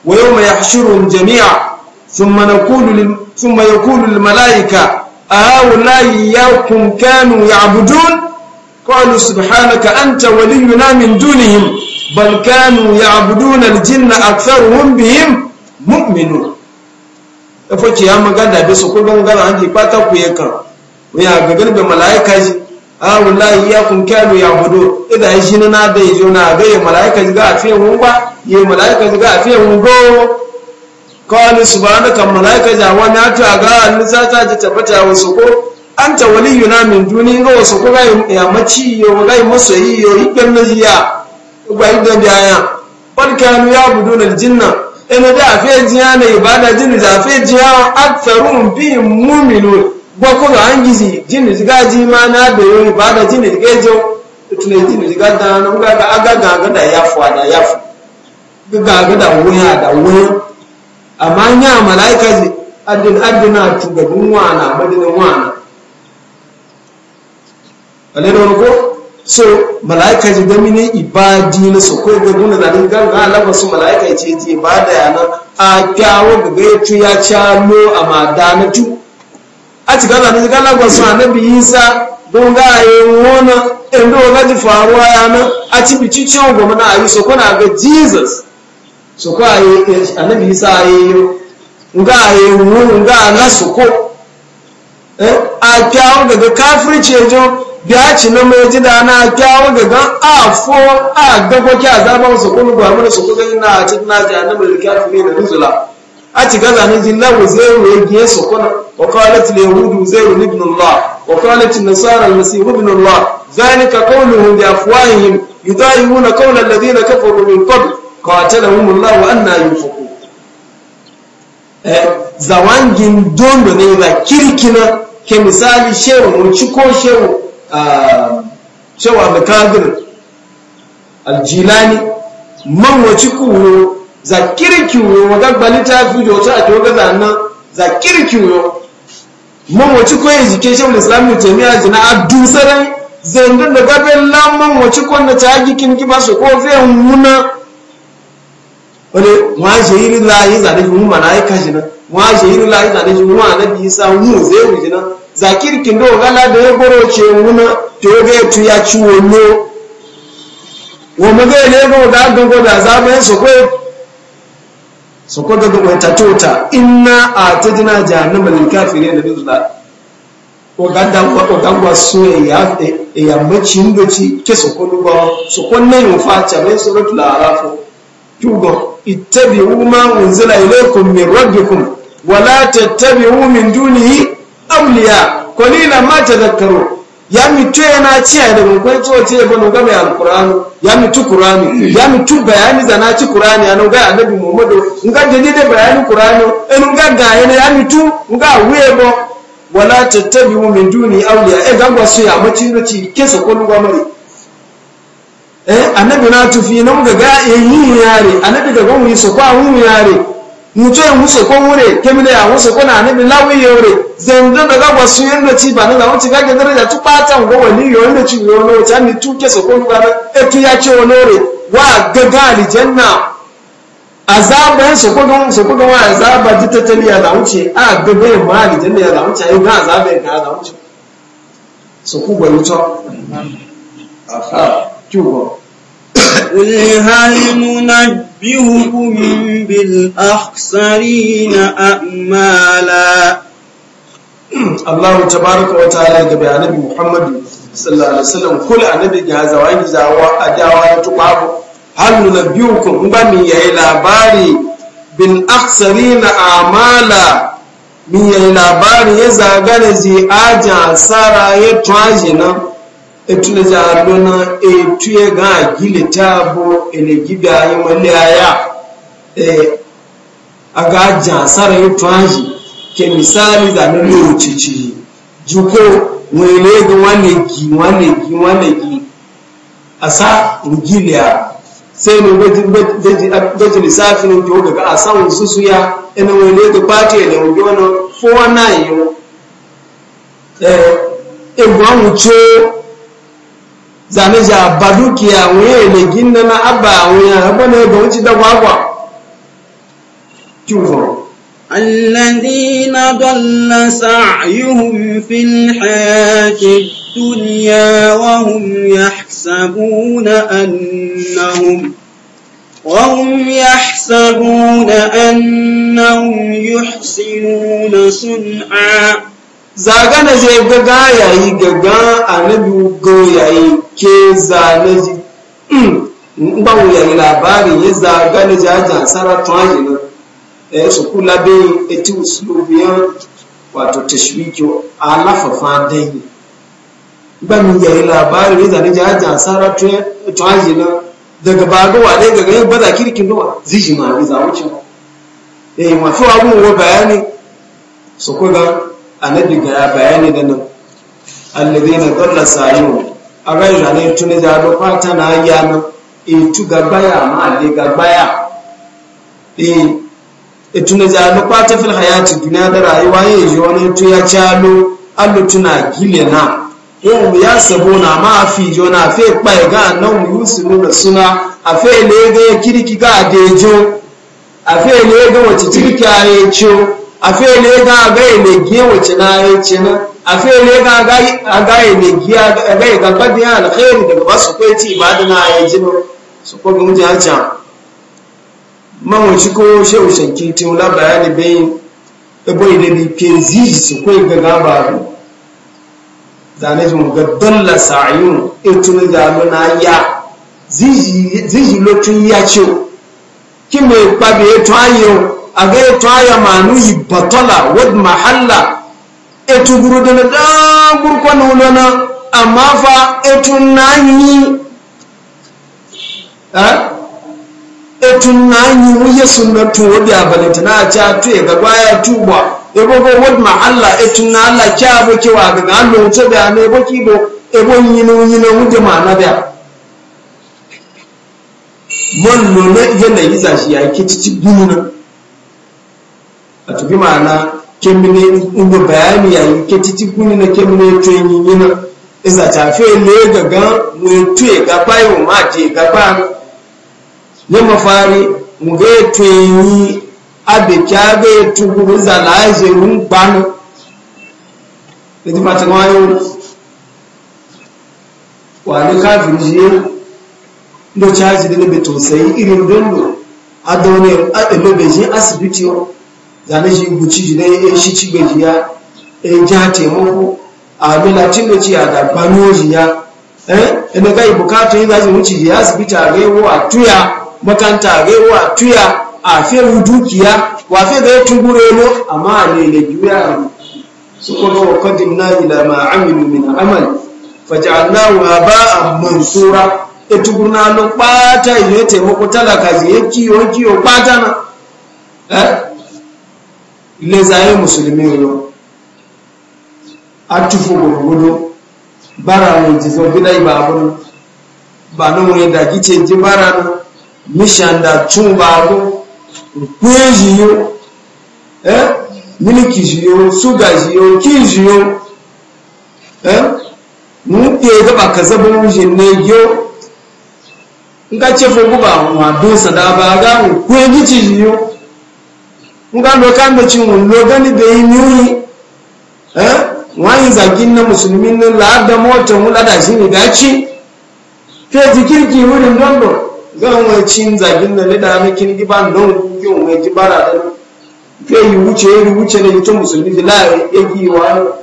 wa yau mai hashirun jami'a sun mai kulu mala'ika a layi ya kanu ya abudun قالوا سبحانك أنت ولينا من دونهم بل كانوا يعبدون الجن أكثرهم بهم مؤمنون fake ya magana da su kuma magana an ji fata ku ya kan ya ga galibin mala'ika ji a wallahi ya kun kyalo ya hudu idan shi na da ya zo na ga ya mala'ika ji ga a fiye mun ba ya mala'ika ji ga a fiye kawai su ba kan mala'ika a wani hatu a ga nisa ta ji tabbata wasu ko anta waliyuna min duni ga wasu ko gai ya maci yo gai masoyi yo ikben najiya ba idan da ya barkanu ya budun aljinna ina da afi jiya ne ibada jin da afi jiya aktharun bi mu'minun ba ko ga an gizi jin ga ji ma na da yo ibada jin ga jo tunai jin ga da na ga ga aga ga da ya fu da ya fu ga ga da wuya da wuya amma nya malaika ji adin adina tugabun wana madinin wana alaihi wa ko so malaika ji da mini ibadi na so ko ga guna da ga alaba su malaika ce ji ibada ya na a kyawo ga gaitu ya chalo amada na tu a ci gaza ni gala gwa su annabi isa don ga yi wona endo ga ji faruwa ya na a ci bici ciwo goma na ayi so kuna ga jesus so ko ayi annabi isa a yi ayi nga yi wona nga na so ko eh a kyawo ga kafirce jo da ci na mai ji da na kyawo gagan a fo a gago ki a zama su kunu ba mun su kuga na a cikin na jahannamul kafiri da nuzula a ci gaza ne jin lawo zai ya giye su kuna wa qalat al yahud zai ibn allah wa qalat an nasara al masih ibn allah zalika qawluhum bi afwahihim yudayuna qawla alladhina kafaru min qabl qatalahum allah wa anna yufakun eh zawangin dondo ne ba kirkina ke misali shehu mun ci ko shehu cewa abdulkadir aljilani man mamwaci kuwo za kirkiwo magagba littafi da wata ake wagaza nan za man mamwaci ko yin jikin shawul islamu jami'a jina a dusarai zai da gabin lamman wace kwanda ta haƙi kinki ba su ko zai muna wani waje yi layi zane shi mu na ya kashi nan waje yi layi zane shi mu na bi sa mu zai wuce nan zakir kindo gala da ya goro ce wuna to ya gaya tu ya ci wonno wa mu gaya ne go da go da za su so ko so ko da dubu ta tota inna atadna jahannama lil kafirin da nuzla ko ga da ko ga gwa so e ya e, e ya mace ndoci ke so ko ba so ko ne mu fa ta mai suratul araf tugo ittabi'u ma unzila ilaykum min rabbikum wala tattabi'u min dunihi awliya na ma tadhakkaru ya mitu yana ciya da mun kwanci wace ya bano game alqur'ani ya mitu qur'ani ya mitu bayani zana ci qur'ani an ga annabi muhammadu in ga jide bayani qur'ani in ga ga yana ya mitu in ga bo wala mu min duni auliya e ga gwasu ya mace ne ci kesa ko ga mare eh annabi na fi nan ga ga e yi yare annabi da gwan yi so kwa hun yare mutu ya musu ko wure kemile ya musu ko na nabi lawi yore zendo da ga wasu yanda ci ba na wuce ga gidan da tu patan go wali yore ci yo no ta ni tu ke so ko ga ya ce onore wa gaga aljanna azaban so ko ga so ko wa azaba ji a gaga ya ma aljanna ya wuce ai ga azaba ya ga wuce so ku ga wuce قل هل ننبئكم بالأخسرين أعمالا الله تبارك وتعالى جب النبي محمد صلى الله عليه وسلم كل النبي جهاز وين زاوا أداوا تقابو هل ننبئكم بني إلى باري بالأخسرين أعمالا من يلاباري يزاغان زي آجا سارا يتواجنا etuna za etuye ga gile tabo ene gibe ayi mali aya eh aga ja sara yuto anji ke misali za no lo chichi juko wele ga wane gi wane gi wane gi asa ngile ya sai mu gaji gaji gaji lisafin ko asa asan susu ya ene wele ga pati da wujo no 419 eh e gwa mu zane ja ba dukiya wuye ne ginna na abba wuya haba ne ga wuce da gwagwa kyuzo الذين ضل سعيهم في الحياة الدنيا وهم يحسبون أنهم وهم يحسبون أنهم يحسنون صنعا zai gaga yayi gaga ke zane ji hmm. ngbanwu ya ni labari e, e ya za ji jaja sara tuwaji na eh su kula bin eti usulubiyan wato tashwiki a lafafa dai ngbanwu ya ni labari ya zane jaja sara tuwaji na daga bagowa dai daga yin baza kirkin dowa ziji ma ni za wuce eh mafi abubuwa bayani su kula annabi ga bayani da nan alladhina dalla sa'ihum agaghịzụ na etuneja adụkwata na ahịa anụ etu gagbaya ma adị gagbaya ee etuneja adụkwata fil hayati duniya da rayuwa ya yi wani tu ya ci alo alutu na gile na wọn ya sabo na ma fi ijo e na afe kpa ga nan yusu da suna afe le ga kirki ga adejo afe le ga wace kirki a ya ciyo afe le ga ga ile ge wace na ya ce na a fele ga agaye ne giya agaye ga badiya alkhairi daga ba su kai ci ba dana yi ji su ko mun ja ja mawuci ko shehu shanki tun la bayani bayin ebo ide bi kenzi su ko ga gaba zane mu ga dalla sa'yun itun da luna ya ziji ziji lotun ya ce ki me pabe to ayo agaye to ayo manu batola wad mahalla etu etuguru da da gurkwana ulona amma fa etu eh etunanyi wuye sunnatu wodi abalita na cha tu e gagwa ya tuwa ebo go wod ma Allah na Allah cha bo wa ga Allah to da ne bo kibo ebo yinu yinu wudi ma na mon mun nuna yanayi zashi ya kici gumuna a tubi ma'ana kemine inda bayani yayin ke titi kuni na kemine to yin yin isa ta fe le gaga mu to e ga bai mu ma je ga ba ne mafari mu ga to yin abe kya ga to guru za la je mun ban ne ti fata ma yo wa ne ka fi je do chaji da ne be to sai irin dondo a dole a dole be je asibiti zane shi guci shi dai eh, ya shi eh, ci gaji ya ya ja taimako a mila cin gaci a da shi ya eh ina kai bukatu yi zaji wuci ya asibiti a gaiwo a tuya makanta a gaiwo a tuya a fiye dukiya wa fiye da ya tungure no amma ne ne biya su kuma wa qadimna ila ma amilu min amal faj'alnahu haba'an mansura etuguna no pata ile taimako talaka zai kiyo kiyo pata na eh le zaye musulmi yo atufu gurgudu bara mu jifo bidai babu ba no da gice ji bara no mishanda tun babu kweji yo eh miliki suga ki eh mu ke ga ba kaza bu mu ne yo nka bu ba mu sada ba ga nga lo kan da cin lo gani da eh? yi miyoyi eh wani zakin na musulmi na mota mu la da shi ne dace fe zikirki wurin dondo ga wani cin zakin na ne da kirgi ba don kyau mai kibara da fe yi wuce yi wuce ne ita musulmi da ya yaki wa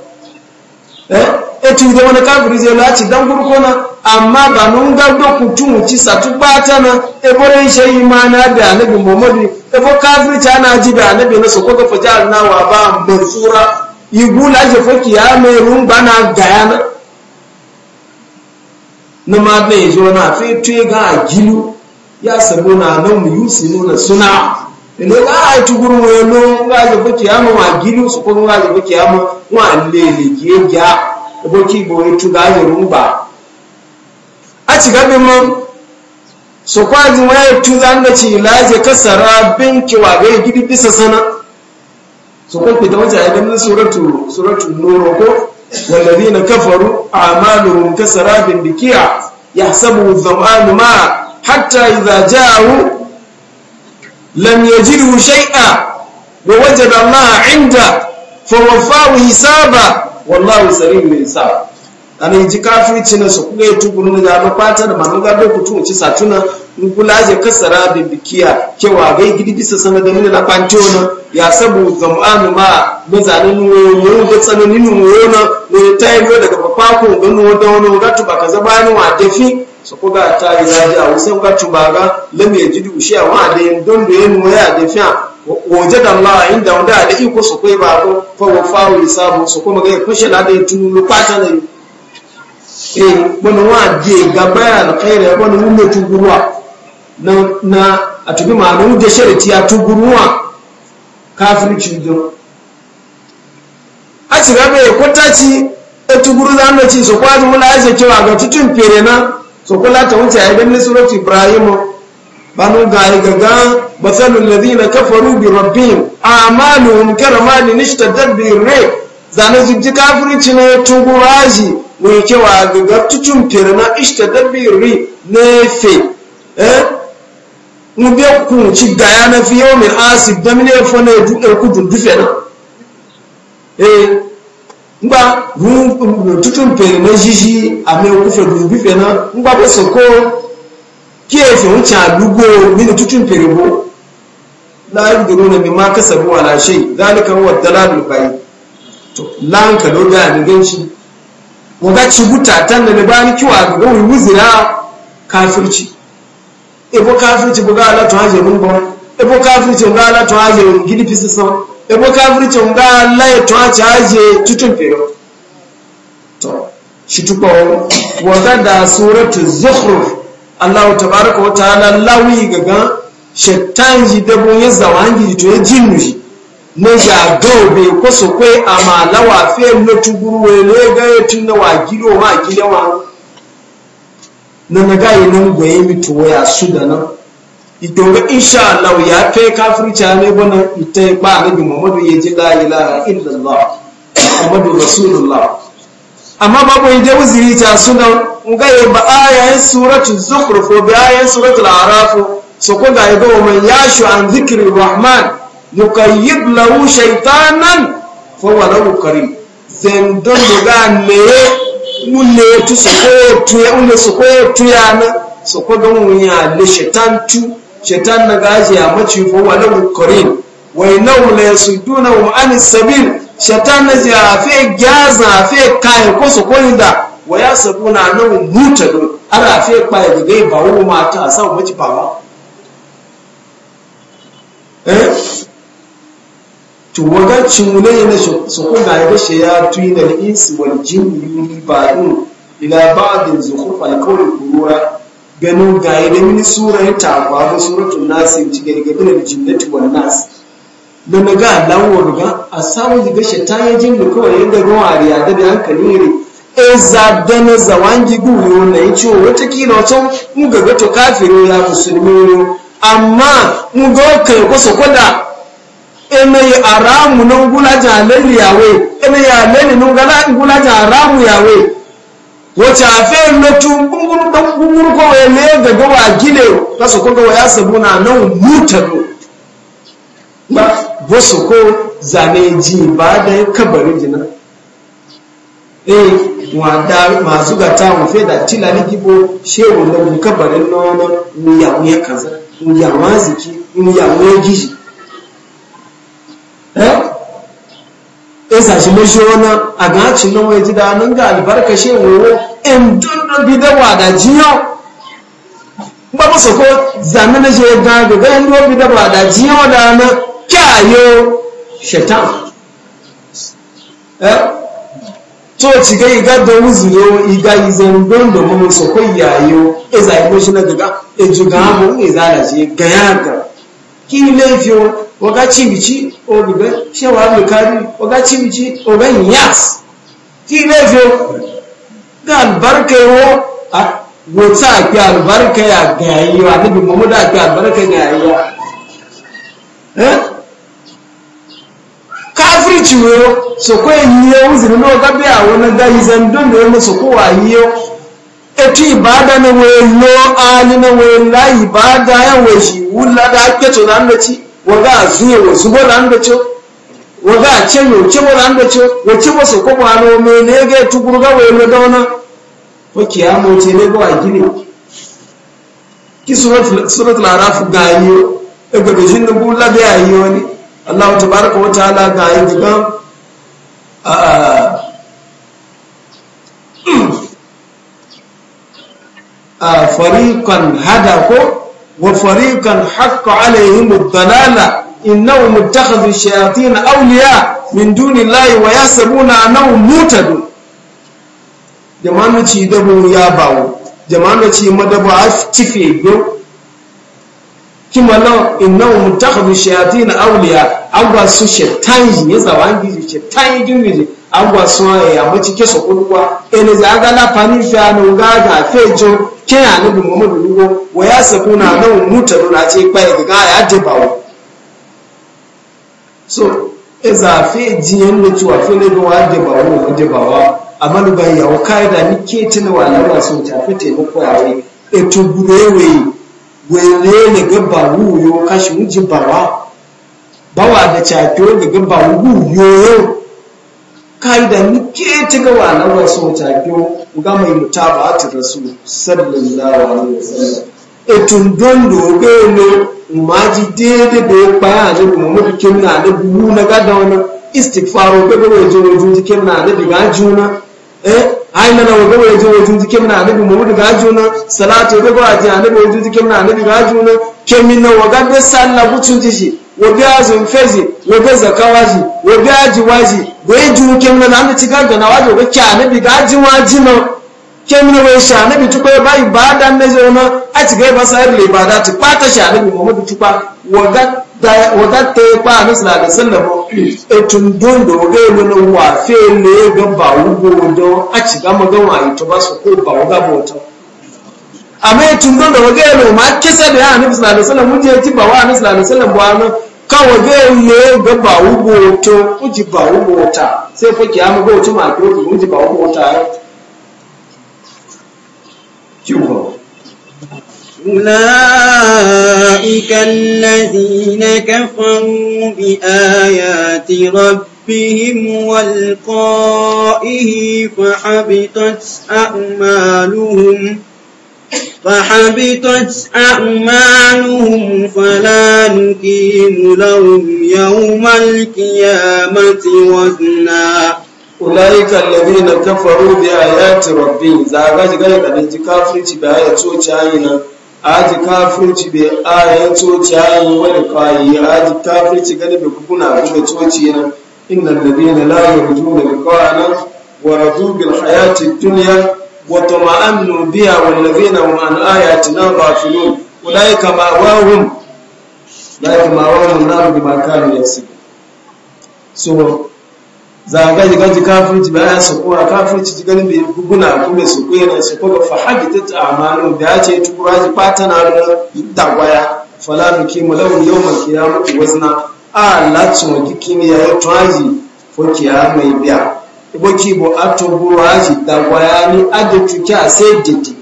eh eti da wani kafiri zai lati dan na amma ba mun ga dokutun ci satu batana na e bore shi imana da annabi muhammadu ebo kafirci ana ji da annabi na soko ga fajar na wa ba mansura igula je foki ya mai rumba na gayana na ma ne zo na fi tuye ga gilu ya sabo na nan mu yusinu na suna ne ga ai tuguru mu yelo ga je foki ya ma gilu su ko ga je foki ya ma wa lele ge ja ebo ki bo etu ga je rumba a ci gabe mun so kwaji ya tu zanga ci laje kasara binki wa ga gidi bisa sana so ko fita wace a ganin suratu suratu nuru ko walladhina kafaru a'maluhum kasarabin bikiya yahsabu sabu dhamaanu ma hatta idha ja'u lam yajidhu shay'a wa wajada Allah 'inda fa hisaba wallahu sari'ul hisab ana ji kafirci na su kuma ya tukuru na da mafata da mamu ku tun ci satuna kula je kasara da bikiya wa gai gidi bisa sana da nuna lafantiyo na ya sabu zamanu ma mazanin mu da mu nuwoyo na wani tayo daga papako ga nuwo da wani gatu ba ka zaba ni wa dafi su kuga ta yi zaji a wasu gatu ba ga lamu ya jidi ushe a wa da yin don da yin nuwoyo a dafi a wajen da Allah inda wanda da iko su kai ba ko fa wa fawo sabu su kuma ga ya kushe na da ya tunu lupata na yi sai wani waje gaba alkhairi wani wunde tuguruwa na na a tubi ma'ana wunde shariti ya tuguruwa kafirci don a ci gaba ya ci ya tuguru za mu ci so kwazo mula ya cewa ga tutun fere na so kula ta wuce a yi ganin surat ibrahim banu ga yi gaga basalul ladina kafaru bi rabbihim amaluhum karamani nishtadda bi rayb zane zubji kafirci ne tuguraji mai cewa gaga tucin firma ishta dabbi ri nefe eh mu be ku ci gaya na fi yawmin asib da mine fa na du er ku dun dufe na eh ngba ru tucin firma jiji ame ku fe du dufe na ngba be so ko ki e fi uncha adugo mini tucin firma la yaduruna bima kasabu ala shay zalika huwa ad-dalal al-bayyin to lan ka do da ganci muga ci gutatan da ne bani kiwa ga gowi wuzira kafirci ebo kafirci buga ala to haje mun bon ebo kafirci buga ala to haje gidi fisison ebo kafirci buga ala ya to haje tutun pero to shi tuko da suratu zukhruf Allah tabaraka wa ta'ala lawi gaga shaitan ji dabo ya zawangi to ya jinnu shi na jadobe ko su kwe a malawa fiye na tuguru wai ne ga ya tun na wagilo ma gida ma na na gayi nan gwaye mito waya su da nan ito ga insha Allah ya fe kafirci ne bana ita ba nabi Muhammadu ya ji la ilaha illallah Muhammadu rasulullah amma babu yin da wuziri ta suna gaye ba ayayen suratul zukhruf ko bi ayayen suratul araf so ko ga yabo man yashu an zikri rahman yukayyib lahu shaytanan fa huwa lahu karim zendon ga ne mune tu soko tu ya une soko tu ya na soko don wunya le shaitan tu shaitan na gaji ya mace fa huwa lahu karim wa innahu la yasuduna hum an sabil shaitan na ja fe gaza fe kai ko soko inda wa yasabuna annahum mutadun ara fe pa ga ba wu mata sa mace ba eh waga cimule na suku da ya gashe ya tuyi da insi wal jinni yuni ba'in ila ba'din zukhuf al qawl kurura ganin ga ya da mini sura ya tafa da suratul nas ci ga daga bin jinnati wal nas da naga lan wa ga a samu diga ta yi jin da kawai yadda ruwa riya da da hankali ne e za da na zawangi guru na yi ciwo wata kila wata mu ga gato kafiro ya musulmi amma mu ga kai kwasa kwada ene ya aramu nun gulaja lalli yawe ene ya lalli nun gulaja aramu yawe wace afe lotu gunguru don gunguru ko ya ne ga gowa gile ta su kogo ya sabu na nan mutaro ba bo su ko zane ji ba da kabarin jina eh wada masu gata mu fe da tilani gibo shehu na kabarin nono mu ya mu ya kaza mu ya waziki mu ya mu ya gishi isa eh? eh, shi mai shona a gacin nan wai ji danin ga albarka shi wuro in dundun bidawa da jiyo ba mu sako zami na shi ga ga ga in dundun bidawa da jiyo da na kyayo shaitan eh? to ci ga iga da wuzuyo iga izan don da mu sako yayo isa e shi mai shona ga ga ejuga mu ne zalaje ga yaga ki lafiyo oga chimichi obibe shewa lukari oga chimichi oga nyas ki lefio ga albarka wo a wota ake albarka ya ga yayi wa nabi muhammadu ake albarka ga yayi wa eh kafiri ciwo so ko yiye uzuri no ga bi awo na ga yizan don da yemo so ko wa yiye eti ibada na we lo ali na we la ibada ya we shi wula da ake to nan da ci waga azuye wasu bola ndo cho waga achenye uche bola ndo cho wache boso ko bwana omenege tuguruga wele dona wake amo chele ko ne ajili ki surat surat al-araf gayo e ga gajin da bulla da ayo ne Allah tabaraka wata ala ga ayi diga a ah, ah. ah, fariqan hada ko وفريقا حق عليهم الضلالة إنهم اتخذوا الشياطين أولياء من دون الله ويحسبون أنهم مهتدون jama'an ci dabo ya bawo jama'an ci madabo a tife biyu kima nan innan mutakhadhu shayatin awliya an ba su shaitan ya zawangi shaitan agwa sun e amma cike su kulwa ene za ga la fani fi anu ga ga fejo ke anabi muhammadu lugo wa ya sakuna nan muta dona ce so eza fe jiyan da cewa fe ne wa de bawo wa de bawa amma luga ya wa kai da nike tana wa e ne kashi ji kaida nike ci gaba na wasu tafiyo ga mai mutaba ta rasu sallallahu alaihi wasallam tun don doge ne umaji dede da ya baya ne kuma mulkin na da buhu na gada wani istighfaro ga wajen wajen jikin na da diga juna eh ai na na wagaba yaje wajin jike muna annabi Muhammad ga juna salatu ga ba ji annabi wajin jike muna annabi ga juna kemin na waga da sallah bucin jishi waga azun fezi waga zakawaji waga waji? da yaji kemin na annabi ci ga gana waje ga annabi ga ajiwaji na kemina wai sha na bi tukwa ba ibada ne zo na a ci ga ba sai le ibada ti pata sha na bi Muhammad tukwa waga waga te pa na sala da sallama e tun don do ga yi na wa fe le ga ba wu go do a ci ga ga wa yi ba su ko ba waga bota amma e tun don do ga yi ma kisa da Annabi sallallahu alaihi wasallam je ti ba wa Annabi sala da wasallam ba na ka ga ne ga ba wu go to ku ji ba wu go ta sai fa kiyama go wuce ma ko ku ji ba wu go ta أولئك الذين كفروا بآيات ربهم والقائه فحبطت أعمالهم فحبطت أعمالهم فلا نقيم لهم يوم القيامة وزنا ulaika alladhina kafaru bi ayati rabbihim za ga ji ga da ji kafirci da ya to cayi nan aji kafirci be ayan to cayi wani fayi aji kafirci ga da kuna ga to ci nan innal ladhina la yarjuna liqa'ana wa radu bil hayati dunya wa tama'annu biha wal ladhina hum an ayatina ghafilun ulaika ma wahum ulaika ma wahum nar bi makanu yasib so zagaji gaji kafirci bayan kowa kafirci ji ganin bai guna kuma su kuwa na su kuwa fa ta amalu da ya ce tukura ji fata na da dagwaya fala muke mulawun yau mai wasu na a latin wa kiki ne ya yi tuwaji ko kiyama mai biya ki bo a da dagwaya ni da tuki a sai didi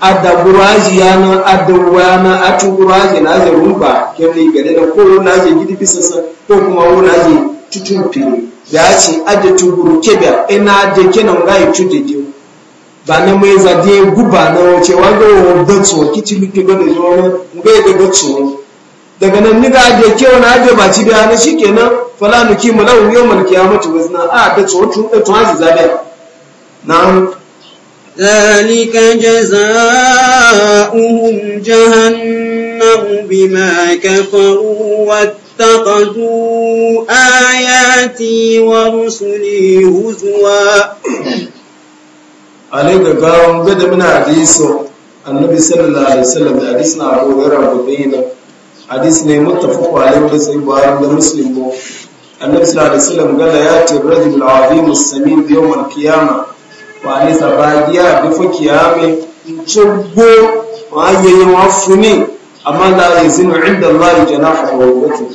a daguraji ya na a dagwaya na a tuburaji na zai rumba kemgbe gane da ko na je gidi bisa ko kuma wuna je tutun fili ya ce ade tuburu kebe ina da kenan rai yi da yau ba na mai zade guba na wace wanda wa gatsu kici luke gane zuwa mu ga da gatsu daga nan ni ga de kewa na ajiye ba ci biya na shi ke nan fala ki mu yau ya mutu wasu na a da tso tun da tun hazi zabe na ذلك جزاؤهم جهنم بما كفروا اتخذوا آياتي ورسلي هزوا عليك قام قد من حديثه النبي صلى الله عليه وسلم حديثنا أبو هريرة بينا حديثنا متفق عليه وسلم بخاري المسلم النبي صلى الله عليه وسلم قال ياتي الرجل العظيم السمين يوم القيامة وعليه سباديا بفكيامه شبو وعيه عفني أما لا يزن عند الله جناح وغوته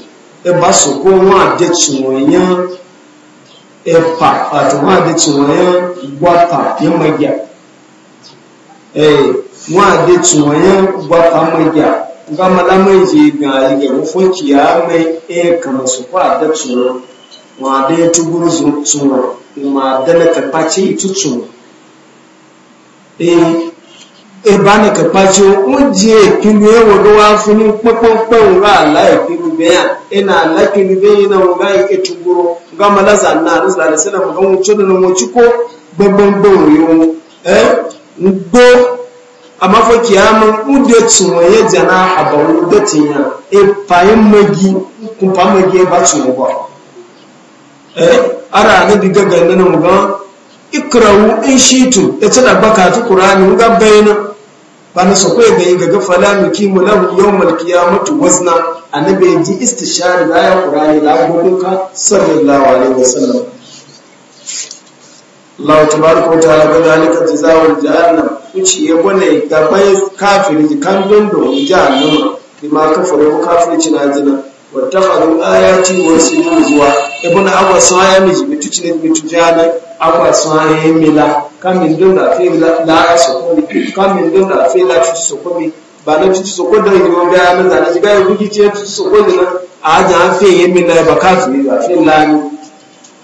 ba su ko wọn àdé tìwọ̀nyán ẹ̀pà àti wọn àdé tìwọ̀nyán ya yẹmọ̀gíà wọn àdé tìwọ̀nyán gbọ́ta mọ̀gíà nga malama yi ga yiga wofo kiya mai e kama su ko àdé tìwọ̀n wọn àdé tuguru tìwọ̀n wọn àdé lẹ́kẹ̀pá tí ì tutù wọn. ebe kẹpàtí ó jí èkìlú ẹwọ ló wá fún ní pẹ́pọ́pẹ́ òun rà láìkìlú bẹ́yà ẹnà aláìkìlú bẹ́yìn náà wọn gáyé ètùgbòrò gámà lásà náà lọ́sà àdìsẹ́lẹ̀ mọ̀ gáwọn tó nínú wọn tí kò gbẹgbẹgbẹ òun wọn ẹ ń gbó amáfọ́kì àmọ́ ń dé tù wọ́n yẹ jẹ́ náà ala dé tì yàn ẹ pààyè mẹ́gi ẹ bá ẹ ara ikrawu bana so kai bai ga gafala mu lahu yawmal qiyamati wazna annabi ji istishari da ya qur'ani la ka sallallahu alaihi wasallam Allah tabaraka wa ta'ala ga dalika jazawul jahannam kuci ya bane da bai kafiri kan dondo jahannam bima kafaru kafiri na jina. wattakhadhu ayati wa sinuzuwa ibn abbas ya miji mituci ne mituci ne abbas ya mila kamin dun da fi la la sokoni kamin dun da fi la tuci sokoni ba na tuci da ni wanda ya mun zana ga yugi ce tuci sokoni na a ja fi ya mila ba ka fi ba fi la ni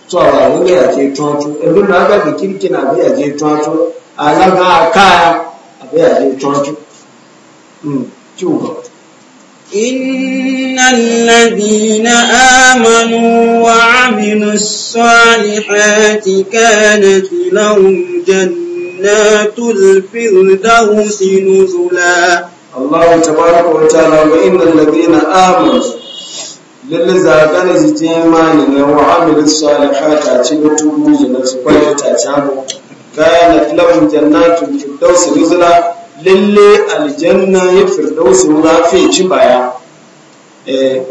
to a wani ya je tonto ibn aga da kirkina ba ya je tonto alaga aka ba ya je tonto mm إن الذين آمنوا وعملوا الصالحات كانت لهم جنات الفردوس نزلا الله تبارك وتعالى وإن الذين آمنوا lalle zaɓen su ce mani na wa'amilu salihata a cikin tubu da na su kwaye ta camo kayan na filawun jannatin firdaus nuzula lalle aljanna ya firdausi wura fi ci baya eh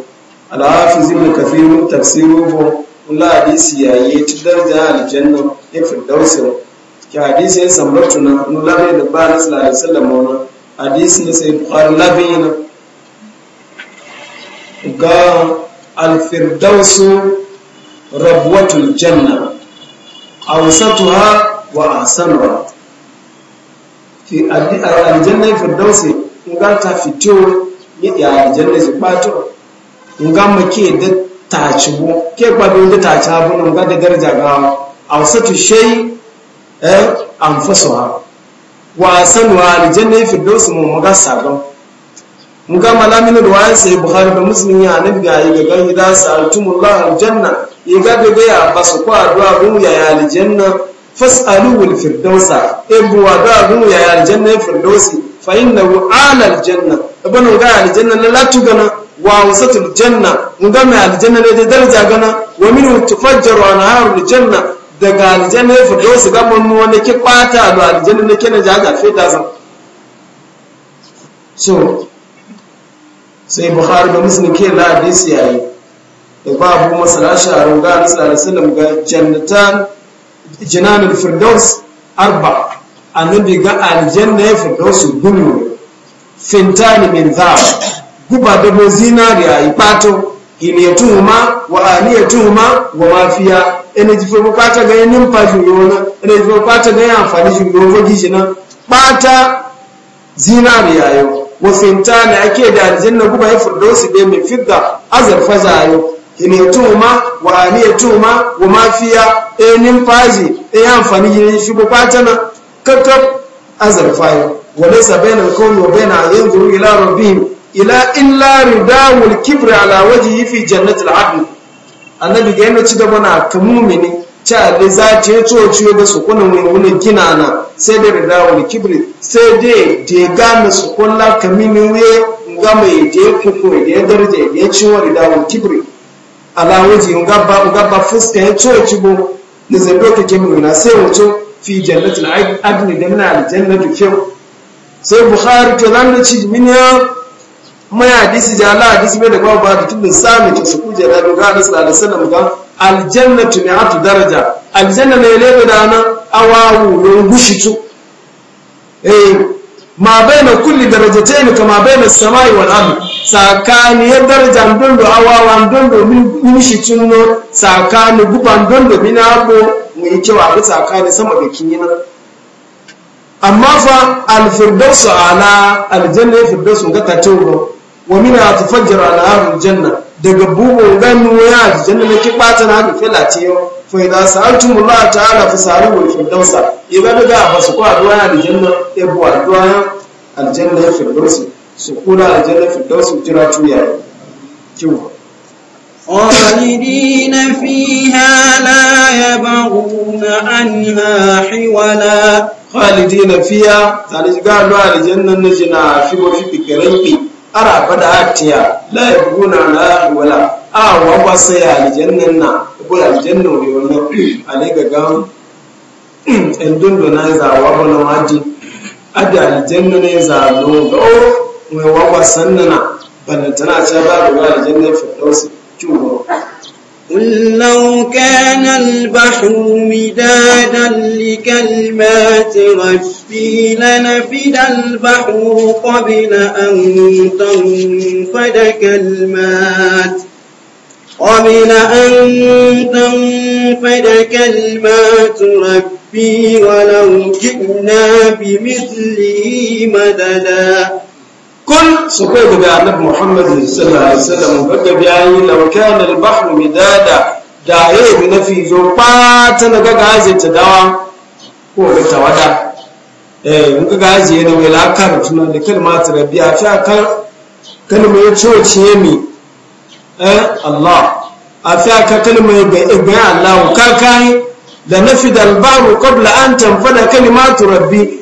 alhafiz ibn kathir tafsiruhu la hadisi yayi ta darja aljanna ya firdausi ki hadisi ya samratu na nulabe da ba na sallallahu alaihi wasallam wannan hadisi ne sai bukhari labina ga alfirdausu rabwatul janna awsatuha wa ahsanuha aljanna firdausi nga ta fito ya aljanna ji kwato nga make da tacibu ke gbado da taci abu nga da daraja ga awsatu shay eh anfasuha wa sanwa aljanna firdausi mu maga sabon nga malamin ruwayan sai buhari da muslim ya nabi ga yi ga gani da sa'altumullah aljanna ya ga da ya basu kwa addu'a ruya ya aljanna fas'aluhu firdausa ebuwa da gunu ya aljanna firdausi fa innahu ala aljanna ibn e, ga aljanna la latugana wa wasatul janna ga mai aljanna ne da daraja gana wa min tufajjaru anharu aljanna daga aljanna firdausi ga mun wani ki kwata da aljanna ne kenan jaga fe da zan so sai bukhari da muslim ke la hadisi yayi da e, babu masala sharu ga sallallahu alaihi wasallam ga jannatan jinanul firdaus arba annabi ga aljanna ya firdausu gudu fintani min zab guba da bo zinariya yi fato iniyatuhuma wa aniyatuhuma wa mafiya ene jife bukata ga yin fashi yona ene jife bukata ga yin amfani shi yona gishi na bata zinariya yau wa fintani ake da aljanna guba ya firdausu da mai fidda azarfa zayo ne tuma wa ne tuma wa mafiya e nimfaji e amfani yin shi bu patana kakkab fayo wa laysa bainal qawmi wa baina yanzu ila rabbihim ila illa ridawul kibri ala yi fi jannatil adn annabi ga yana ci da ka mumini cha da za ta yi tsociyo da kuna wani gina na sai da ridawul kibri sai dai da gane sukunla kamini wuye ga mai da ya kuku da ya darje da ya ciwo ridawul kibri alawaji ungaba ungaba fuska ya coci bo da zai doka kemgbe na sai wato fi jannatul adni da al aljannatu kew sai bukhari to nan da ci min ya mai hadisi da Allah hadisi mai da ba ba da tunda sami ta su kuje da doka da sallallahu alaihi wasallam ga aljannatu mi'atu daraja al-janna ne lebe da nan awawu don gushitu eh ma baina kulli darajatayn kama baina as-sama'i wal ardh tsakani ya daraja dondo awawan dondo min shi cinno tsakani guban dondo min abu mu yi cewa tsakani sama da kinyina amma fa alfirdausu ala aljanna ya firdausu ga tatogo wa min atafajjaru ala ahli janna? daga bugu ganu ya aljanna ne ki bata na fai filati yo fa idza sa'altumullah ta'ala fasalu wal firdausa ibada a basu ko addu'a aljanna ya bu addu'a aljanna ya firdausu su kula a janna firdaus su jira tuya kiwa خالدين فيها لا يبغون عنها حولا خالدين فيها ذلك قالوا على الجنة نجنا في وفي بكرنك أرى بدا أتيا لا يبغون عنها حولا أو وصي الجنة يقول الجنة ويقول عليك قام إن دون دون هذا وابن واجي أدى الجنة نزالون أوه mai wawa sannana ce ba da firdausi kyuwa قل لو كان البحر مدادا لكلمات ربي لنفد البحر قبل أن تنفد كلمات قبل أن تنفد كلمات ربي ولو جئنا بمثله مددا kun su daga annabi muhammad sallallahu alaihi wasallam baka biyayi law kana al-bahru midada da yayi mi nafi zo pata na gaga ta dawa ko da ta wada eh in gaga haje ne wala kar tuna da kalmat rabbiya ta kar kalma ya coce mi eh allah afiya ka kalma ga ibn allah ka kai da nafi dal bahru qabla an tanfada kalimatu rabbi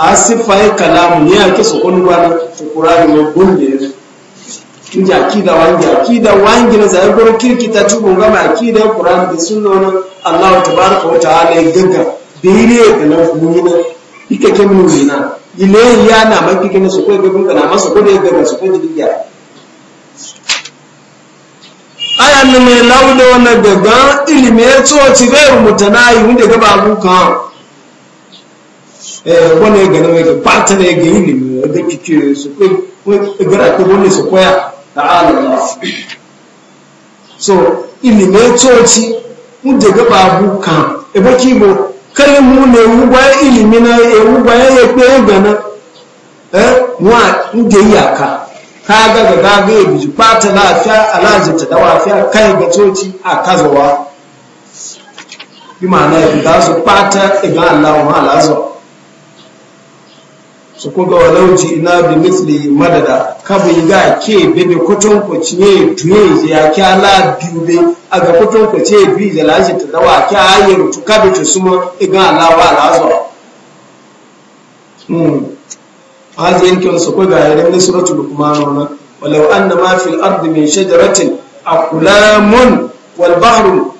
a sifaye kalamu ne a kisa wani gwana ta kurari mai gungi ne tun ji akida wangi akida wangi na zai gurin kirkita tukun gama akida ya kurari da suna wani allahu ka wata ala ya gaga bere da na muni na ike ke muni na ile ya na makike na su kai gabin kana masu gudu ya gaga su kai jirgiya ayan mai lauda wani gaga ilimin ya tsoci gairu mutanayi wanda gaba abukan ẹ̀kọ́ eh, na ẹgbẹ̀rẹ̀ wẹ́gẹ̀ pàtí na ẹgbẹ̀ ìlú ẹgbẹ̀ kíkẹ́ ẹgbẹ̀rẹ̀ pé wọ́n lè sọ̀kọ́ yà láàrín so ìlú mẹ́tọ́ ti ń dẹ̀gbẹ́ bá bú kàn bụ ka ibo kẹ́lẹ́ na ewu na ewu gbá ẹ̀yẹ pé na ẹ wọn à ń dẹ̀ yà ká ká ti su kuga walauci ina bi misli madada kabu ga ke bebe kutun ku ciye tuye ya kya la biube a ga kutun kwaci ya da lashe ta dawa kya hanyar tu kabe ta suma iga igan alawa alazo hmm. A yankin su kuga ya rinne da kuma na walau anna ma fil ardi min shajaratin aqulamun wal bahru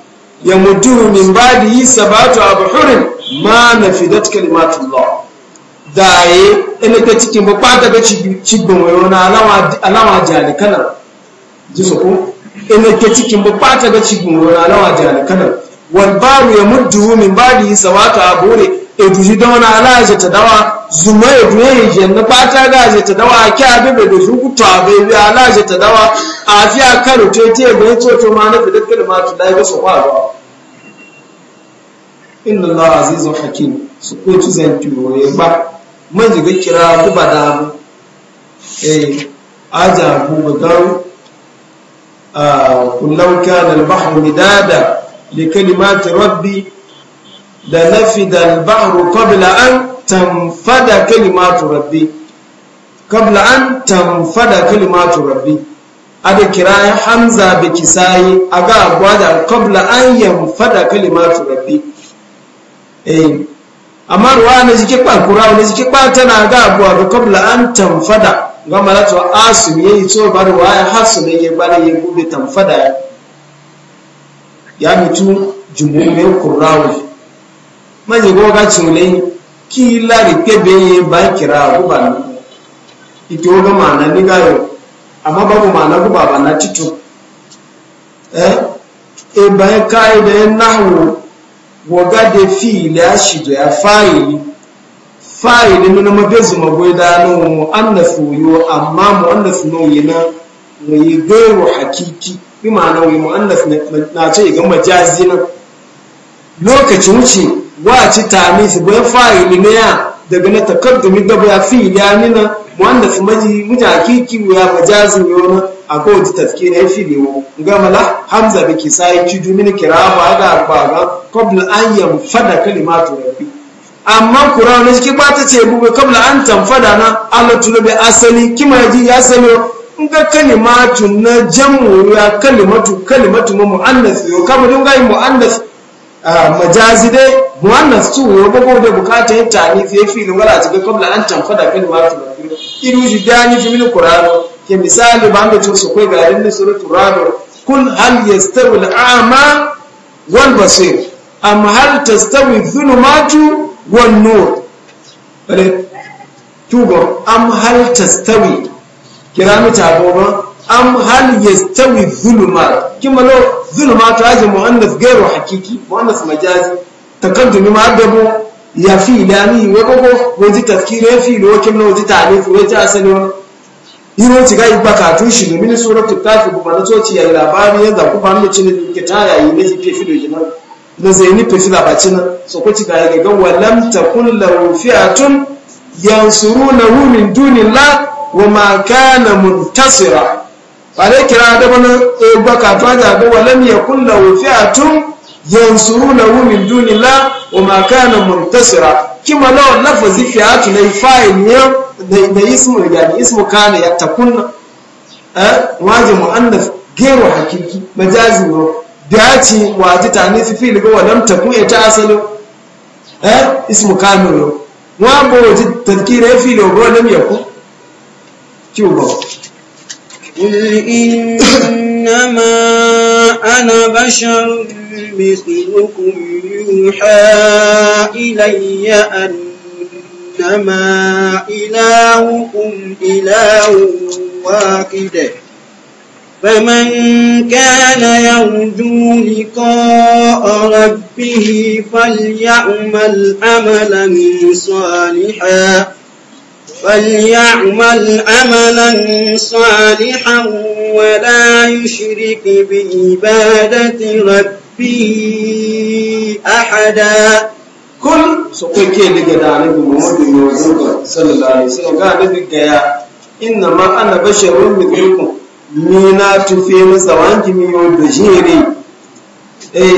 yamuddu min badi sabatu abhurin ma nafidat kalimatullah daye ina ta cikin ba ba daga cikin wayo na alawa jalikanar ji su ko ina ta cikin ba ba daga cikin wayo na alawa jalikanar wal baru ya muddu min badi sawata abure e duji da wani alaje ta dawa zuma e duye je na ga gaje ta dawa a bebe da zuku to abe bi alaje ta dawa a karu te te ba ya to ma na bidakkar ma to dai ba su kwa ba inna allaha azizun hakim su ko tu zan tuwo ya ba man bai kira ku ba da abu eh aja ku ba a ah, kullum kana al-bahru midada li kalimati rabbi la nafida al-bahru qabla an tanfada kalimatu rabbi qabla an tanfada kalimatu rabbi ada kiraye hamza bi kisayi aga gwada qabla an yanfada kalimatu rabbi eh amma ruwa na jike kwa kura wani jike kwa tana ga abuwa da kabla an tamfada ga malatu asu ya yi tso ba ruwa ya hasu ne ya bari ya gudu tamfada ya mutu jumurin kurawi maji goga cule kila rike ba kira guba ne amma babu mana guba ba na tito eh e bayan kai e da yan waga da fi'ili ya shiga ya fa'ili fa'ili na mabe zuma gwai da nan mu'annafu yo amma mu'annafu yana na gairu hakiki bi ma'ana mu mu'annafu na ce ga majazi na lokacin wuce wa ci tami su bai fa'ili ne ya daga na takaddumi gaba ya fi'ili ya nina mu'annafu maji muja hakiki ya majazi yo na akwai wata tafki na fi biyu gamala hamza da ke sa yaki jumini kira ba ga gbaga kwabla an fada kalimatu rabbi amma Kura na ki ba ta ce buga kwabla an tamfada na allah tuna bai asali kima ji ya sani nga kalimatu na jamu ya kalimatu kalimatu ma mu'annas yo kama dun gai mu'annas majazi dai mu'annas su yo bago da bukata yin tani fi fi lungala ta ga kwabla an tamfada kalimatu rabbi iru ji dani fi Kura qur'ano ke misali ba da cin su kai ga yarin suratul rabi kun hal yastawi al'ama wal basir am hal tastawi dhulumatu wan nur bale tubo am hal tastawi kirami ta goma am hal yastawi dhulumat kima lo dhulumat aje muannas gairu hakiki muannas majazi takaddumi ma'adabu ya fi ilani wa gogo wazi tafkiri ya fi lo kimna wazi ta'rif wazi asali wa iro ti ga igba tun shi da mini suratul tafi bu bana ci ya labari ya ga ku fa mu ne ke ta yi ne ke fi do jina na zai ni fefi la na so ko ci ga ga walam takun lahu fi'atun hu min dunillah wa ma kana muntasira bare kira da e bana igba katun ga ga walam yakun lahu fi'atun hu min dunillah wa ma kana muntasira kima na lawan lafazi fiyatu na yi fa'il ya da ismu ya gani ismu kana ya takunna eh waje muannas gairu hakiki majazi ne da ce waje ta ne fi fili ga walam takun ita asalin eh ismu kana ne wa bo ji tadkira fi lo go lam yakun ciwo ba قل إنما أنا بشر مثلكم يوحى إلي أنما إلهكم إله واحد فمن كان يرجو لقاء ربه فليعمل عملا صالحا فليعمل عملا صالحا ولا يشرك بعبادة ربه أحدا كل سوكي لك دعني محمد يوزوك صلى الله عليه وسلم قال لك يا إنما أنا بشر مثلكم مينا tufe na zawangi miyo da eh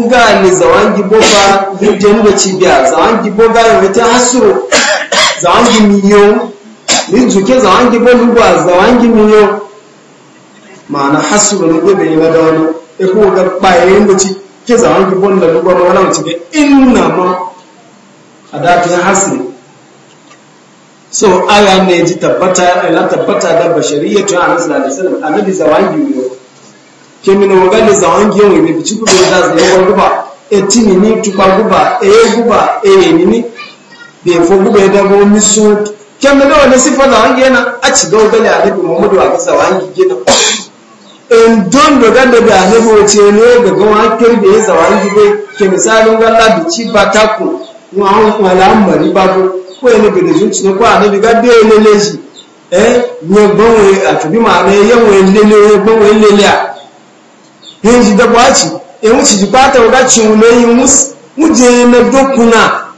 nga ni zawangi boba yidden da cibiya zawangi boga yidden hasu ni zawangi miyo linzuke zawangi bolugwa zawangi miyo maana hasu da lugwa bai yi da wani eko ga bayan da ci ke zawangi bon da lugwa ma wani cike inna ma a dakin hasu so aya ne ji tabbata ila tabbata da bashariyatu a nasu da salam annabi zawangi miyo ke mina wagali zawangi yau ne bici gudu da zai yi guba e tini ni tuba guba e guba e nini bai fi buga ya dabo misu kyan da wani sifa wangi yana a ci gawo a a kasa wangi gina in don da ganda da a nabi wace ne ga gawa da ya zawa wangi bai ke misalin da ci ba mu an wala amari ba ko ko da zuci ko a lele shi eh ne gbanwe a ma ne yawon lele gbanwe lele a yin wuce ji cin mu e je na dokuna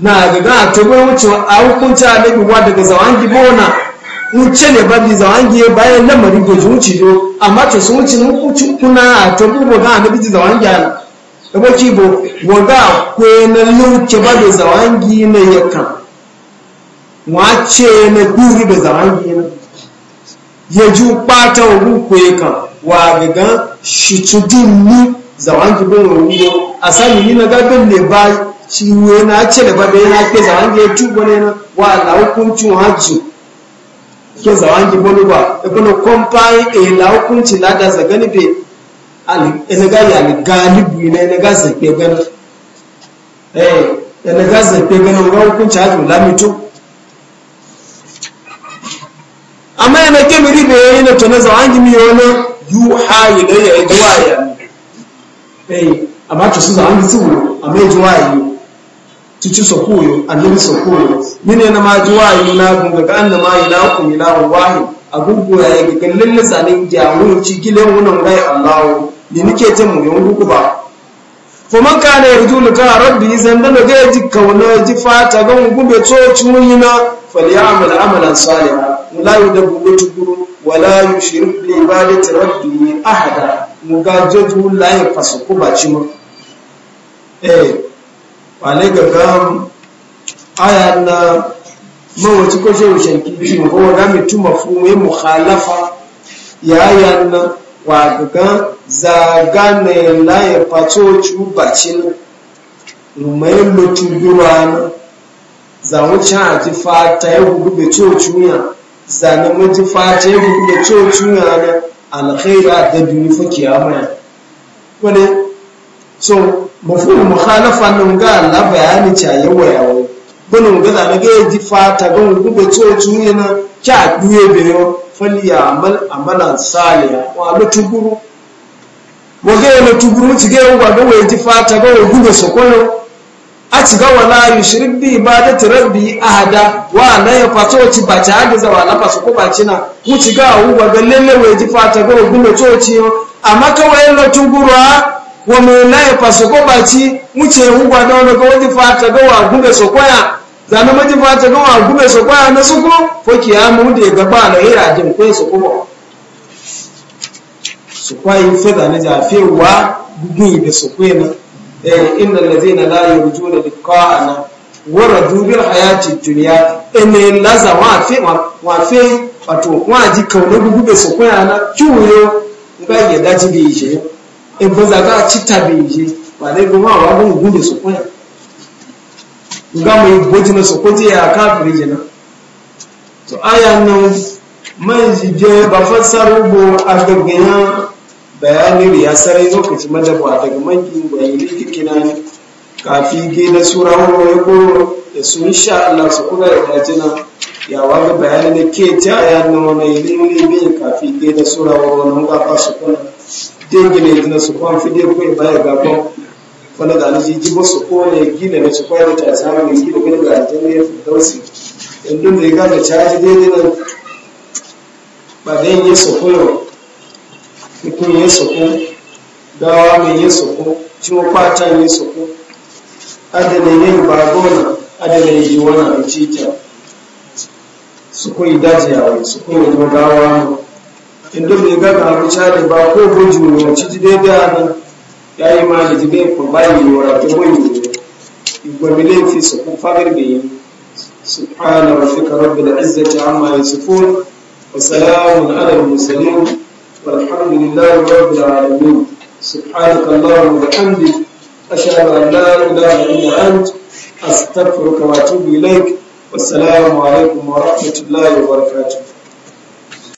na gaga a tabo wuce a hukunci a wa daga zawangi bona wuce ne ba bi zawangi bayan lamarin goji wuce do amma to sun wuce na hukunci kuna a tabo boga a nabi zawangi ana da baki bo boga akwai na luke ba da zawangi na yakan wace na duri da zawangi na ya ji ɓata wa ruku yakan wa gaga shi tudin ni zawangi bona wuyo a sami ni na gagan ne ba ciwo na ce da babe na ke zawangi ya tubo ne na wa la hukuncin hajji ke zawangi bani ba e kuna kompai e la hukunci la da zagani be al enaga e, ya ni galibu ne enaga zabe gana eh enaga zabe gana ga hukunci hajji la mito amma yana ke muri be yana to na zawangi mi yona yuha ilayya idwaya eh e, amma to su zawangi su amma idwaya cici sokoyo annabi sokoyo mine na maji wayi na gunga ka anna ma ila ku ila wahi agugu ya yi kallin lisanin jamu ci gile wannan gai Allahu ni nike jin mu yan ku ba fo man kana yarju lika rabbi zan da ga ji kauna ji fata ga mu gube coci mun na falyamal amalan salihan la yudabbu tukuru wala yushrik bi ibadati rabbi ahada mu ga jotu la yafasu ku ba ci mu eh wale ga gam na mawaci ko shehu shankiti ko wa ga mitu mafhumu ya mukhalafa ya ayan na wa ga zaga ne la ya fato cubacin mai mutu duwana za mu ci a ti fata ya gudu da cociya za na mu ti fata ya gudu da cociya na alkhaira da dunifa mai wani so mafhum mukhalafa nun ga la bayani cha yawa yawo bunu ga da ga ji fata ga mu be to tuye na cha duye be yo fali ya amal amalan saliya wa lo tuguru wo ga lo tuguru ci ga wa ga we ji fata ga wo gube sokono a ci ga wala yushrik bi ibadati rabbi ahada wa la ya fato ci ba ta ga zawa la faso ko ba ci na mu ci ga wu ga lalle we ji fata ga wo gube to ci amma kawai lo tuguru a wame naye pa soko bachi muche ugwa dono ko wadi fata go wa gube sokoya zana maji fata go wa gube sokoya na soko ko kiyamu de gaba na ira jin ko soko ba sokoyi fada na jafe wa gugun da Inda na eh innal ladina la yurjuna liqa'ana waradu bil hayati dunya ene laza wa fe wa fe wato wa ji gugube gube sokoya na chuyo ngai ya daji bi je eboza ka chitabeje wale goma wabo ngunde sokoya ngamo iboti na sokoti ya kafirije na to aya nan manji je ba fassaru bo agaganya bayani riya sarai lokaci madaba daga ni gwayili kikinani kafi gina sura wuro ya koro da su insha Allah su kuma da majina ya waga bayani da ke ta ni nuna mai ilimi bin kafi gina sura wuro nan ga fasu kuna ne na su kwan fide kai baya ga kwan wanda da aliji jibo su kone gina na su kwan ta tsara ne gina gina ga aljanna ya fi dausi yanzu da ya gama caji daidai nan ba dan yi soko yau mutum yi su dawa mai yi soko ciwo kwata yi soko. adana yin bagona adana yi wani su dajiyawa su dawa mai inda bai ga ga abu cari ba ko buju ya ci ji daidai a nan ya yi ma da jigai ko bayi wa rafi wani igwamile fi su kun fagar da yi subhana rabbika rabbil izzati amma yasifun wa salamun ala al walhamdulillahi rabbil da subhanaka allahumma wa bihamdika أشهد أن لا إله إلا أنت أستغفرك وأتوب إليك والسلام عليكم ورحمة الله وبركاته